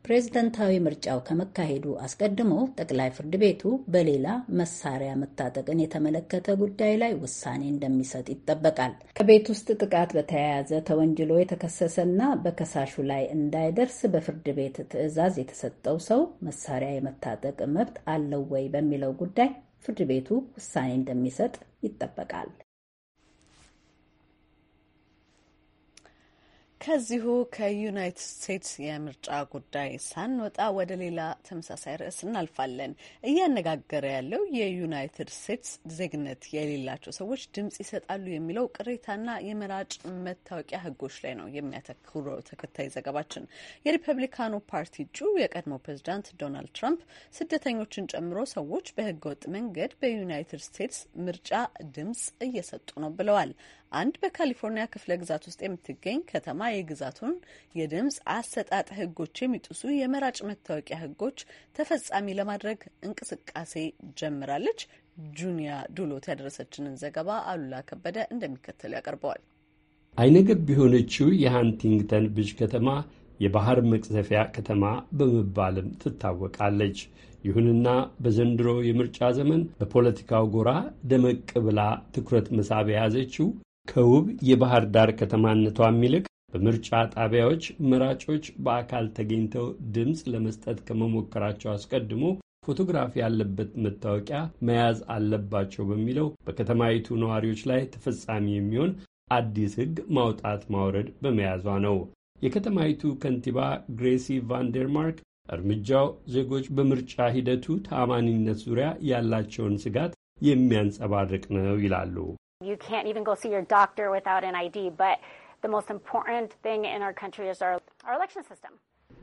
Speaker 14: ፕሬዝደንታዊ ምርጫው ከመካሄዱ አስቀድሞ ጠቅላይ ፍርድ ቤቱ በሌላ መሳሪያ መታጠቅን የተመለከተ ጉዳይ ላይ ውሳኔ እንደሚሰጥ ይጠበቃል። ከቤት ውስጥ ጥቃት በተያያዘ ተወንጅሎ የተከሰሰና በከሳሹ ላይ እንዳይደርስ በፍርድ ቤት ትዕዛዝ የተሰጠው ሰው መሳሪያ የመታጠቅ መብት አለው ወይ በሚለው ጉዳይ ፍርድ ቤቱ ውሳኔ እንደሚሰጥ ይጠበቃል።
Speaker 1: ከዚሁ ከዩናይትድ ስቴትስ የምርጫ ጉዳይ ሳንወጣ ወደ ሌላ ተመሳሳይ ርዕስ እናልፋለን። እያነጋገረ ያለው የዩናይትድ ስቴትስ ዜግነት የሌላቸው ሰዎች ድምጽ ይሰጣሉ የሚለው ቅሬታና የመራጭ መታወቂያ ሕጎች ላይ ነው የሚያተኩረው ተከታይ ዘገባችን። የሪፐብሊካኑ ፓርቲ እጩ የቀድሞ ፕሬዚዳንት ዶናልድ ትራምፕ ስደተኞችን ጨምሮ ሰዎች በህገወጥ መንገድ በዩናይትድ ስቴትስ ምርጫ ድምጽ እየሰጡ ነው ብለዋል። አንድ በካሊፎርኒያ ክፍለ ግዛት ውስጥ የምትገኝ ከተማ የግዛቱን የድምፅ አሰጣጥ ህጎች የሚጥሱ የመራጭ መታወቂያ ህጎች ተፈጻሚ ለማድረግ እንቅስቃሴ ጀምራለች። ጁኒያ ዱሎት ያደረሰችንን ዘገባ አሉላ ከበደ እንደሚከተል ያቀርበዋል።
Speaker 4: አይነገብ የሆነችው የሃንቲንግተን ብዥ ከተማ የባህር መቅዘፊያ ከተማ በመባልም ትታወቃለች። ይሁንና በዘንድሮ የምርጫ ዘመን በፖለቲካው ጎራ ደመቅ ብላ ትኩረት መሳብ የያዘችው ከውብ የባህር ዳር ከተማነቷም ይልቅ በምርጫ ጣቢያዎች መራጮች በአካል ተገኝተው ድምፅ ለመስጠት ከመሞከራቸው አስቀድሞ ፎቶግራፍ ያለበት መታወቂያ መያዝ አለባቸው በሚለው በከተማይቱ ነዋሪዎች ላይ ተፈጻሚ የሚሆን አዲስ ሕግ ማውጣት ማውረድ በመያዟ ነው። የከተማይቱ ከንቲባ ግሬሲ ቫንደርማርክ እርምጃው ዜጎች በምርጫ ሂደቱ ተአማኒነት ዙሪያ ያላቸውን ስጋት የሚያንጸባርቅ ነው ይላሉ።
Speaker 14: You can't even go see your doctor without an ID, but the most important thing in our country is our, our election system.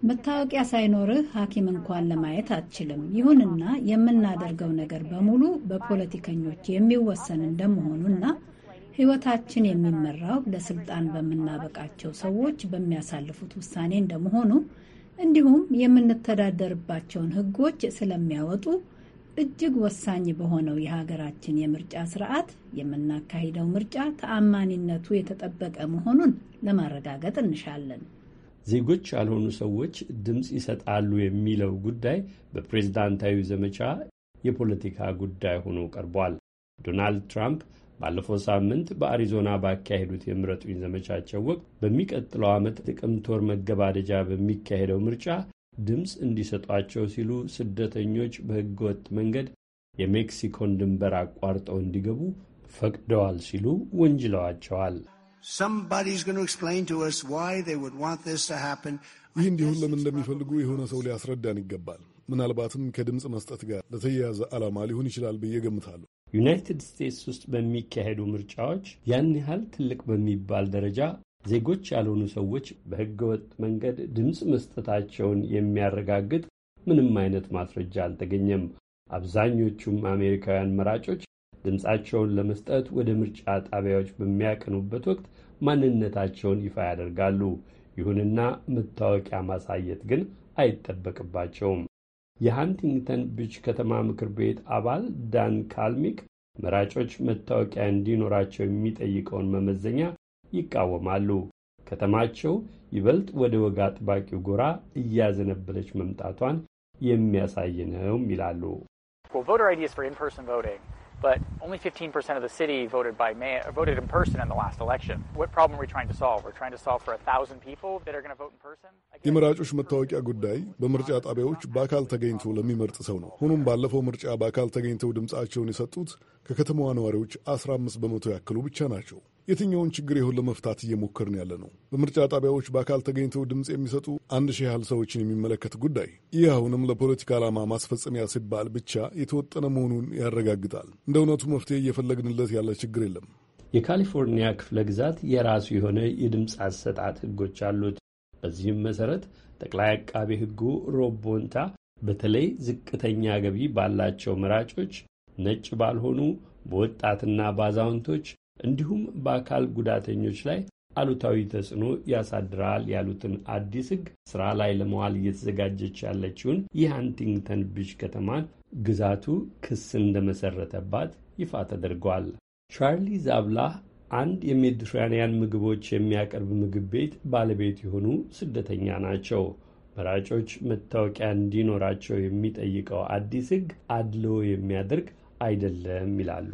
Speaker 14: መታወቂያ ሳይኖርህ ሐኪም እንኳን ለማየት አትችልም። ይሁንና የምናደርገው ነገር በሙሉ በፖለቲከኞች የሚወሰን እንደመሆኑና ሕይወታችን የሚመራው ለስልጣን በምናበቃቸው ሰዎች በሚያሳልፉት ውሳኔ እንደመሆኑ እንዲሁም የምንተዳደርባቸውን ሕጎች ስለሚያወጡ እጅግ ወሳኝ በሆነው የሀገራችን የምርጫ ስርዓት የምናካሂደው ምርጫ ተአማኒነቱ የተጠበቀ መሆኑን ለማረጋገጥ እንሻለን።
Speaker 4: ዜጎች ያልሆኑ ሰዎች ድምፅ ይሰጣሉ የሚለው ጉዳይ በፕሬዝዳንታዊ ዘመቻ የፖለቲካ ጉዳይ ሆኖ ቀርቧል። ዶናልድ ትራምፕ ባለፈው ሳምንት በአሪዞና ባካሄዱት የምረጡኝ ዘመቻቸው ወቅት በሚቀጥለው ዓመት ጥቅምት ወር መገባደጃ በሚካሄደው ምርጫ ድምፅ እንዲሰጧቸው ሲሉ ስደተኞች በህገወጥ መንገድ የሜክሲኮን ድንበር አቋርጠው እንዲገቡ ፈቅደዋል ሲሉ ወንጅለዋቸዋል።
Speaker 15: ይህ እንዲሁን ለምን እንደሚፈልጉ የሆነ ሰው ሊያስረዳን ይገባል። ምናልባትም ከድምፅ መስጠት ጋር ለተያያዘ ዓላማ ሊሆን ይችላል ብዬ ገምታለሁ። ዩናይትድ ስቴትስ ውስጥ በሚካሄዱ ምርጫዎች ያን
Speaker 4: ያህል ትልቅ በሚባል ደረጃ ዜጎች ያልሆኑ ሰዎች በህገወጥ መንገድ ድምፅ መስጠታቸውን የሚያረጋግጥ ምንም አይነት ማስረጃ አልተገኘም። አብዛኞቹም አሜሪካውያን መራጮች ድምፃቸውን ለመስጠት ወደ ምርጫ ጣቢያዎች በሚያቀኑበት ወቅት ማንነታቸውን ይፋ ያደርጋሉ። ይሁንና መታወቂያ ማሳየት ግን አይጠበቅባቸውም። የሃንቲንግተን ቢች ከተማ ምክር ቤት አባል ዳን ካልሚክ መራጮች መታወቂያ እንዲኖራቸው የሚጠይቀውን መመዘኛ ይቃወማሉ። ከተማቸው ይበልጥ ወደ ወግ አጥባቂው ጎራ እያዘነበለች መምጣቷን የሚያሳይ ነውም ይላሉ።
Speaker 15: የመራጮች መታወቂያ ጉዳይ በምርጫ ጣቢያዎች በአካል ተገኝቶ ለሚመርጥ ሰው ነው። ሆኖም ባለፈው ምርጫ በአካል ተገኝተው ድምፃቸውን የሰጡት ከከተማዋ ነዋሪዎች 15 በመቶ ያክሉ ብቻ ናቸው። የትኛውን ችግር ይሆን ለመፍታት እየሞከርን ያለ ነው? በምርጫ ጣቢያዎች በአካል ተገኝተው ድምፅ የሚሰጡ አንድ ሺህ ያህል ሰዎችን የሚመለከት ጉዳይ። ይህ አሁንም ለፖለቲካ ዓላማ ማስፈጸሚያ ሲባል ብቻ የተወጠነ መሆኑን ያረጋግጣል። እንደ እውነቱ መፍትሄ እየፈለግንለት ያለ ችግር የለም። የካሊፎርኒያ
Speaker 4: ክፍለ ግዛት የራሱ የሆነ የድምፅ አሰጣት ህጎች አሉት። በዚህም መሰረት ጠቅላይ አቃቤ ህጉ ሮብ ቦንታ በተለይ ዝቅተኛ ገቢ ባላቸው መራጮች፣ ነጭ ባልሆኑ፣ በወጣትና በአዛውንቶች እንዲሁም በአካል ጉዳተኞች ላይ አሉታዊ ተጽዕኖ ያሳድራል ያሉትን አዲስ ሕግ ስራ ላይ ለመዋል እየተዘጋጀች ያለችውን የሃንቲንግተን ቢች ከተማን ግዛቱ ክስ እንደመሰረተባት ይፋ ተደርጓል። ቻርሊ ዛብላ አንድ የሜዲትራንያን ምግቦች የሚያቀርብ ምግብ ቤት ባለቤት የሆኑ ስደተኛ ናቸው። መራጮች መታወቂያ እንዲኖራቸው የሚጠይቀው አዲስ ሕግ አድሎ
Speaker 15: የሚያደርግ አይደለም ይላሉ።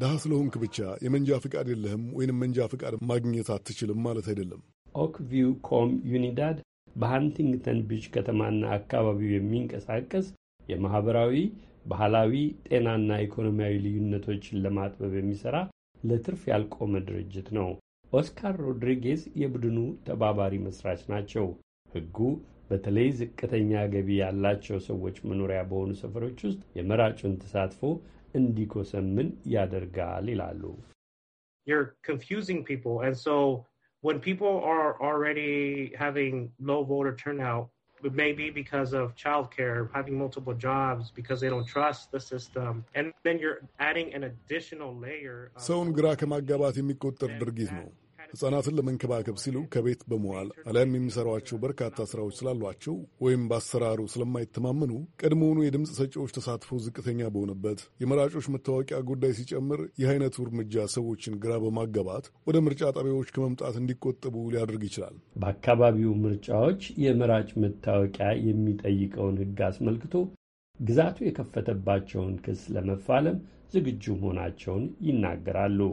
Speaker 15: ዳ ስለሆንክ ብቻ የመንጃ ፍቃድ የለህም ወይንም መንጃ ፍቃድ ማግኘት አትችልም ማለት አይደለም። ኦክቪው ኮም ዩኒዳድ በሃንቲንግተን
Speaker 4: ቢች ከተማና አካባቢው የሚንቀሳቀስ የማኅበራዊ ባህላዊ፣ ጤናና ኢኮኖሚያዊ ልዩነቶችን ለማጥበብ የሚሠራ ለትርፍ ያልቆመ ድርጅት ነው። ኦስካር ሮድሪጌዝ የቡድኑ ተባባሪ መሥራች ናቸው። ሕጉ በተለይ ዝቅተኛ ገቢ ያላቸው ሰዎች መኖሪያ በሆኑ ሰፈሮች ውስጥ የመራጩን ተሳትፎ እንዲኮሰምን ያደርጋል ይላሉ።
Speaker 15: ሰውን ግራ ከማጋባት የሚቆጠር ድርጊት ነው። ሕጻናትን ለመንከባከብ ሲሉ ከቤት በመዋል አሊያም የሚሰሯቸው በርካታ ስራዎች ስላሏቸው ወይም በአሰራሩ ስለማይተማመኑ ቀድሞውኑ የድምፅ ሰጪዎች ተሳትፎ ዝቅተኛ በሆነበት የመራጮች መታወቂያ ጉዳይ ሲጨምር ይህ አይነቱ እርምጃ ሰዎችን ግራ በማጋባት ወደ ምርጫ ጣቢያዎች ከመምጣት እንዲቆጠቡ ሊያደርግ ይችላል።
Speaker 4: በአካባቢው ምርጫዎች የመራጭ መታወቂያ የሚጠይቀውን ሕግ አስመልክቶ ግዛቱ የከፈተባቸውን ክስ ለመፋለም ዝግጁ መሆናቸውን ይናገራሉ።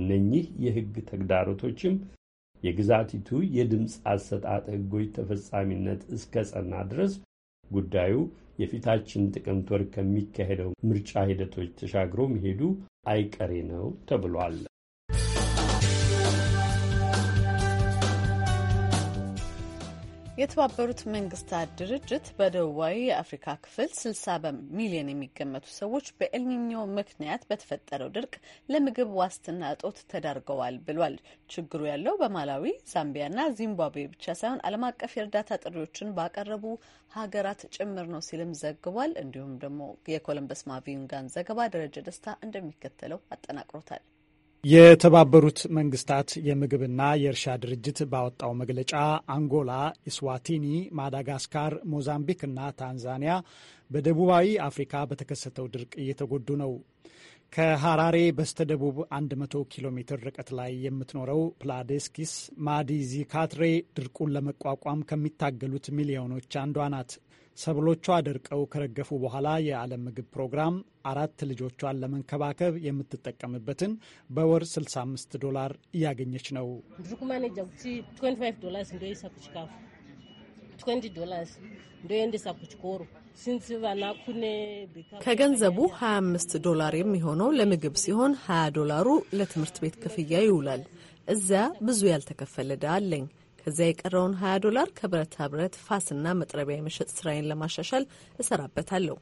Speaker 4: እነኚህ የሕግ ተግዳሮቶችም የግዛቲቱ የድምፅ አሰጣጥ ሕጎች ተፈጻሚነት እስከ ጸና ድረስ ጉዳዩ የፊታችን ጥቅምት ወር ከሚካሄደው ምርጫ ሂደቶች ተሻግሮ መሄዱ አይቀሬ ነው ተብሏል።
Speaker 1: የተባበሩት መንግስታት ድርጅት በደቡባዊ የአፍሪካ ክፍል 60 ሚሊዮን የሚገመቱ ሰዎች በኤልኒኞ ምክንያት በተፈጠረው ድርቅ ለምግብ ዋስትና እጦት ተዳርገዋል ብሏል። ችግሩ ያለው በማላዊ፣ ዛምቢያና ዚምባብዌ ብቻ ሳይሆን ዓለም አቀፍ የእርዳታ ጥሪዎችን ባቀረቡ ሀገራት ጭምር ነው ሲልም ዘግቧል። እንዲሁም ደግሞ የኮለምበስ ማቪንጋን ዘገባ ደረጀ ደስታ እንደሚከተለው አጠናቅሮታል።
Speaker 13: የተባበሩት መንግስታት የምግብና የእርሻ ድርጅት ባወጣው መግለጫ አንጎላ፣ ኢስዋቲኒ፣ ማዳጋስካር፣ ሞዛምቢክ እና ታንዛኒያ በደቡባዊ አፍሪካ በተከሰተው ድርቅ እየተጎዱ ነው። ከሐራሬ በስተደቡብ 100 ኪሎ ሜትር ርቀት ላይ የምትኖረው ፕላዴስኪስ ማዲዚካትሬ ድርቁን ለመቋቋም ከሚታገሉት ሚሊዮኖች አንዷ ናት። ሰብሎቿ ደርቀው ከረገፉ በኋላ የዓለም ምግብ ፕሮግራም አራት ልጆቿን ለመንከባከብ የምትጠቀምበትን በወር 65 ዶላር እያገኘች ነው።
Speaker 11: ከገንዘቡ
Speaker 1: 25 ዶላር የሚሆነው ለምግብ ሲሆን 20 ዶላሩ ለትምህርት ቤት ክፍያ ይውላል። እዚያ ብዙ ያልተከፈለ ዕዳ አለኝ። ከዚያ የቀረውን 20 ዶላር ከብረታ ብረት ፋስና መጥረቢያ የመሸጥ ስራዬን ለማሻሻል እሰራበታለሁ።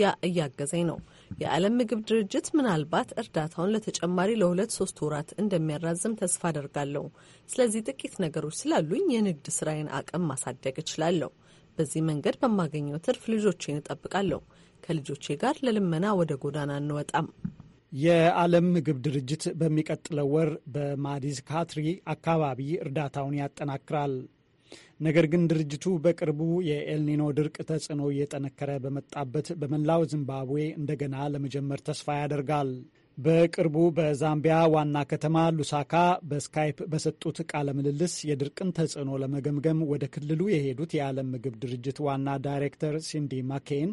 Speaker 1: ያ እያገዘኝ ነው። የዓለም ምግብ ድርጅት ምናልባት እርዳታውን ለተጨማሪ ለሁለት ሶስት ወራት እንደሚያራዝም ተስፋ አደርጋለሁ። ስለዚህ ጥቂት ነገሮች ስላሉኝ የንግድ ስራዬን አቅም ማሳደግ እችላለሁ። በዚህ መንገድ በማገኘው ትርፍ ልጆቼን እጠብቃለሁ። ከልጆቼ ጋር ለልመና ወደ ጎዳና እንወጣም።
Speaker 13: የዓለም ምግብ ድርጅት በሚቀጥለው ወር በማዲዝ ካትሪ አካባቢ እርዳታውን ያጠናክራል። ነገር ግን ድርጅቱ በቅርቡ የኤልኒኖ ድርቅ ተጽዕኖ እየጠነከረ በመጣበት በመላው ዚምባብዌ እንደገና ለመጀመር ተስፋ ያደርጋል። በቅርቡ በዛምቢያ ዋና ከተማ ሉሳካ በስካይፕ በሰጡት ቃለ ምልልስ የድርቅን ተጽዕኖ ለመገምገም ወደ ክልሉ የሄዱት የዓለም ምግብ ድርጅት ዋና ዳይሬክተር ሲንዲ ማኬን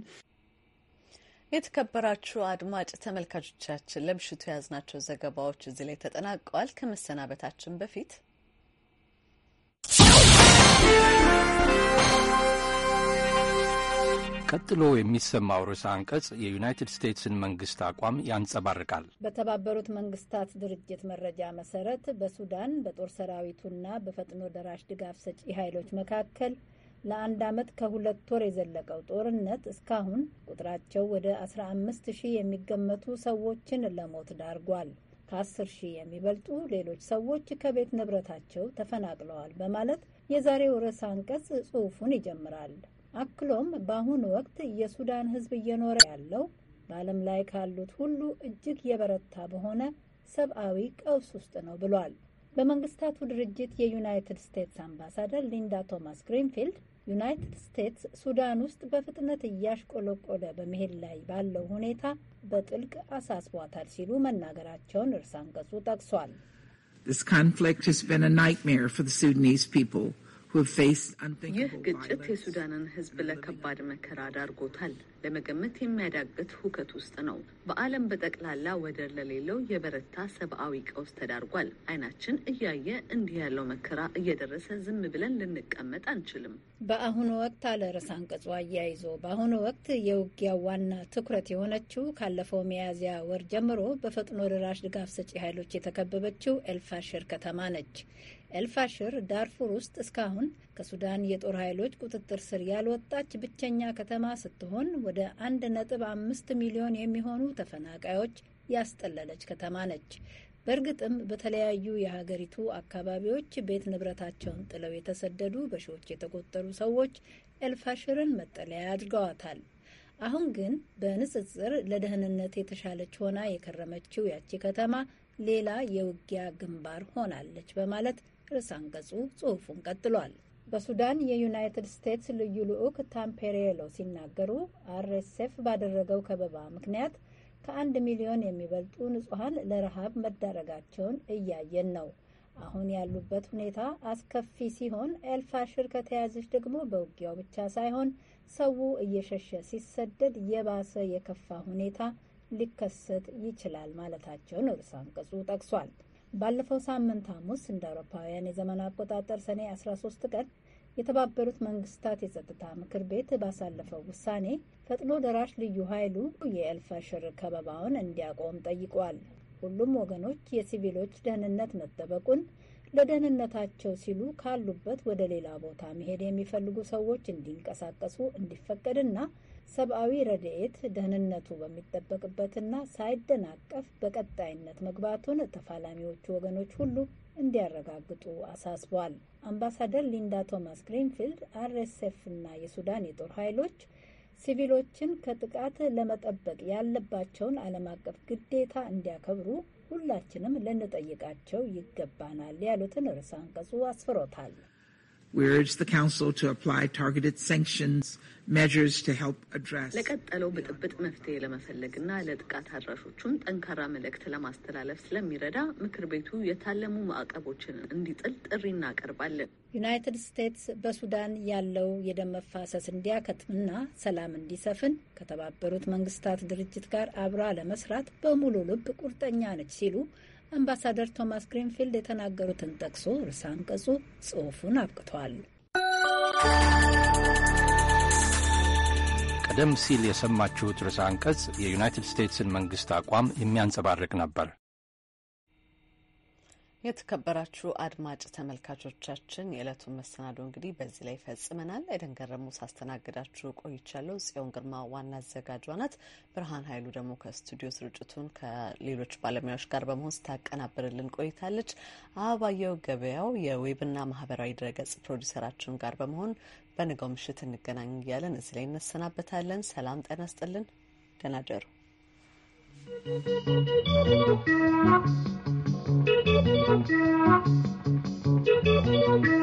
Speaker 1: የተከበራችሁ አድማጭ ተመልካቾቻችን ለምሽቱ የያዝናቸው ዘገባዎች እዚህ ላይ ተጠናቀዋል። ከመሰናበታችን በፊት
Speaker 12: ቀጥሎ የሚሰማው ርዕሰ አንቀጽ የዩናይትድ ስቴትስን መንግስት አቋም ያንጸባርቃል።
Speaker 14: በተባበሩት መንግስታት ድርጅት መረጃ መሰረት በሱዳን በጦር ሰራዊቱና በፈጥኖ ደራሽ ድጋፍ ሰጪ ኃይሎች መካከል ለአንድ ዓመት ከሁለት ወር የዘለቀው ጦርነት እስካሁን ቁጥራቸው ወደ 15 ሺህ የሚገመቱ ሰዎችን ለሞት ዳርጓል። ከ10 ሺህ የሚበልጡ ሌሎች ሰዎች ከቤት ንብረታቸው ተፈናቅለዋል በማለት የዛሬው ርዕስ አንቀጽ ጽሑፉን ይጀምራል። አክሎም በአሁኑ ወቅት የሱዳን ሕዝብ እየኖረ ያለው በዓለም ላይ ካሉት ሁሉ እጅግ የበረታ በሆነ ሰብአዊ ቀውስ ውስጥ ነው ብሏል። በመንግስታቱ ድርጅት የዩናይትድ ስቴትስ አምባሳደር ሊንዳ ቶማስ ግሪንፊልድ ዩናይትድ ስቴትስ ሱዳን ውስጥ በፍጥነት እያሽቆለቆለ በመሄድ ላይ ባለው ሁኔታ በጥልቅ አሳስቧታል ሲሉ መናገራቸውን እርስ አንቀጹ ጠቅሷል።
Speaker 9: This conflict has been a nightmare for the Sudanese people.
Speaker 14: ይህ ግጭት
Speaker 1: የሱዳንን ሕዝብ ለከባድ መከራ ዳርጎታል። ለመገመት የሚያዳግት ሁከት ውስጥ ነው። በዓለም በጠቅላላ ወደር ለሌለው የበረታ ሰብአዊ ቀውስ ተዳርጓል። አይናችን እያየ እንዲህ ያለው መከራ እየደረሰ ዝም ብለን ልንቀመጥ አንችልም።
Speaker 14: በአሁኑ ወቅት አለ ርዕሰ አንቀጹ አያይዞ በአሁኑ ወቅት የውጊያው ዋና ትኩረት የሆነችው ካለፈው ሚያዝያ ወር ጀምሮ በፈጥኖ ደራሽ ድጋፍ ሰጪ ኃይሎች የተከበበችው ኤልፋሽር ከተማ ነች። ኤልፋሽር ዳርፉር ውስጥ እስካሁን ከሱዳን የጦር ኃይሎች ቁጥጥር ስር ያልወጣች ብቸኛ ከተማ ስትሆን ወደ አንድ ነጥብ አምስት ሚሊዮን የሚሆኑ ተፈናቃዮች ያስጠለለች ከተማ ነች። በእርግጥም በተለያዩ የሀገሪቱ አካባቢዎች ቤት ንብረታቸውን ጥለው የተሰደዱ በሺዎች የተቆጠሩ ሰዎች ኤልፋሽርን መጠለያ አድርገዋታል። አሁን ግን በንጽጽር ለደህንነት የተሻለች ሆና የከረመችው ያቺ ከተማ ሌላ የውጊያ ግንባር ሆናለች በማለት ርዕስ አንቀጹ ጽሑፉን ቀጥሏል። በሱዳን የዩናይትድ ስቴትስ ልዩ ልዑክ ታምፔሬሎ ሲናገሩ አርኤስኤፍ ባደረገው ከበባ ምክንያት ከአንድ ሚሊዮን የሚበልጡ ንጹሐን ለረሃብ መዳረጋቸውን እያየን ነው። አሁን ያሉበት ሁኔታ አስከፊ ሲሆን ኤልፋሽር ከተያዘች ደግሞ በውጊያው ብቻ ሳይሆን ሰው እየሸሸ ሲሰደድ የባሰ የከፋ ሁኔታ ሊከሰት ይችላል ማለታቸውን ርዕሰ አንቀጹ ጠቅሷል። ባለፈው ሳምንት ሐሙስ እንደ አውሮፓውያን የዘመን አቆጣጠር ሰኔ 13 ቀን የተባበሩት መንግስታት የጸጥታ ምክር ቤት ባሳለፈው ውሳኔ ፈጥኖ ደራሽ ልዩ ኃይሉ የኤልፋሽር ከበባውን እንዲያቆም ጠይቋል። ሁሉም ወገኖች የሲቪሎች ደህንነት መጠበቁን፣ ለደህንነታቸው ሲሉ ካሉበት ወደ ሌላ ቦታ መሄድ የሚፈልጉ ሰዎች እንዲንቀሳቀሱ እንዲፈቀድና ሰብአዊ ረድኤት ደህንነቱ በሚጠበቅበትና ሳይደናቀፍ በቀጣይነት መግባቱን ተፋላሚዎቹ ወገኖች ሁሉ እንዲያረጋግጡ አሳስቧል። አምባሳደር ሊንዳ ቶማስ ግሪንፊልድ አርኤስኤፍ እና የሱዳን የጦር ኃይሎች ሲቪሎችን ከጥቃት ለመጠበቅ ያለባቸውን ዓለም አቀፍ ግዴታ እንዲያከብሩ ሁላችንም ልንጠይቃቸው ይገባናል ያሉትን ርዕሰ አንቀጹ አስፍሮታል።
Speaker 9: We urge the Council to apply targeted sanctions measures to help address
Speaker 1: ለቀጠለው ብጥብጥ መፍትሄ ለመፈለግና ለጥቃት አድራሾቹም ጠንካራ መልእክት ለማስተላለፍ ስለሚረዳ ምክር ቤቱ የታለሙ ማዕቀቦችን እንዲጥል ጥሪ እናቀርባለን።
Speaker 14: ዩናይትድ ስቴትስ በሱዳን ያለው የደም መፋሰስ እንዲያከትምና ሰላም እንዲሰፍን ከተባበሩት መንግስታት ድርጅት ጋር አብራ ለመስራት በሙሉ ልብ ቁርጠኛ ነች ሲሉ አምባሳደር ቶማስ ግሪንፊልድ የተናገሩትን ጠቅሶ ርዕሰ አንቀጹ ጽሑፉን አብቅቷል።
Speaker 12: ቀደም ሲል የሰማችሁት ርዕሰ አንቀጽ የዩናይትድ ስቴትስን መንግሥት አቋም የሚያንጸባርቅ ነበር።
Speaker 1: የተከበራችሁ አድማጭ ተመልካቾቻችን የዕለቱን መሰናዶ እንግዲህ በዚህ ላይ ፈጽመናል። አይደን ገረሙ ሳስተናግዳችሁ ቆይቻለሁ። ጽዮን ግርማ ዋና አዘጋጇ ናት። ብርሃን ኃይሉ ደግሞ ከስቱዲዮ ስርጭቱን ከሌሎች ባለሙያዎች ጋር በመሆን ስታቀናብርልን ቆይታለች። አበባየው ገበያው የዌብና ማህበራዊ ድረገጽ ፕሮዲሰራችን ጋር በመሆን በንጋው ምሽት እንገናኝ እያለን እዚህ ላይ እንሰናበታለን። ሰላም ጤና ይስጥልን። ደህና ደሩ Thank
Speaker 2: you.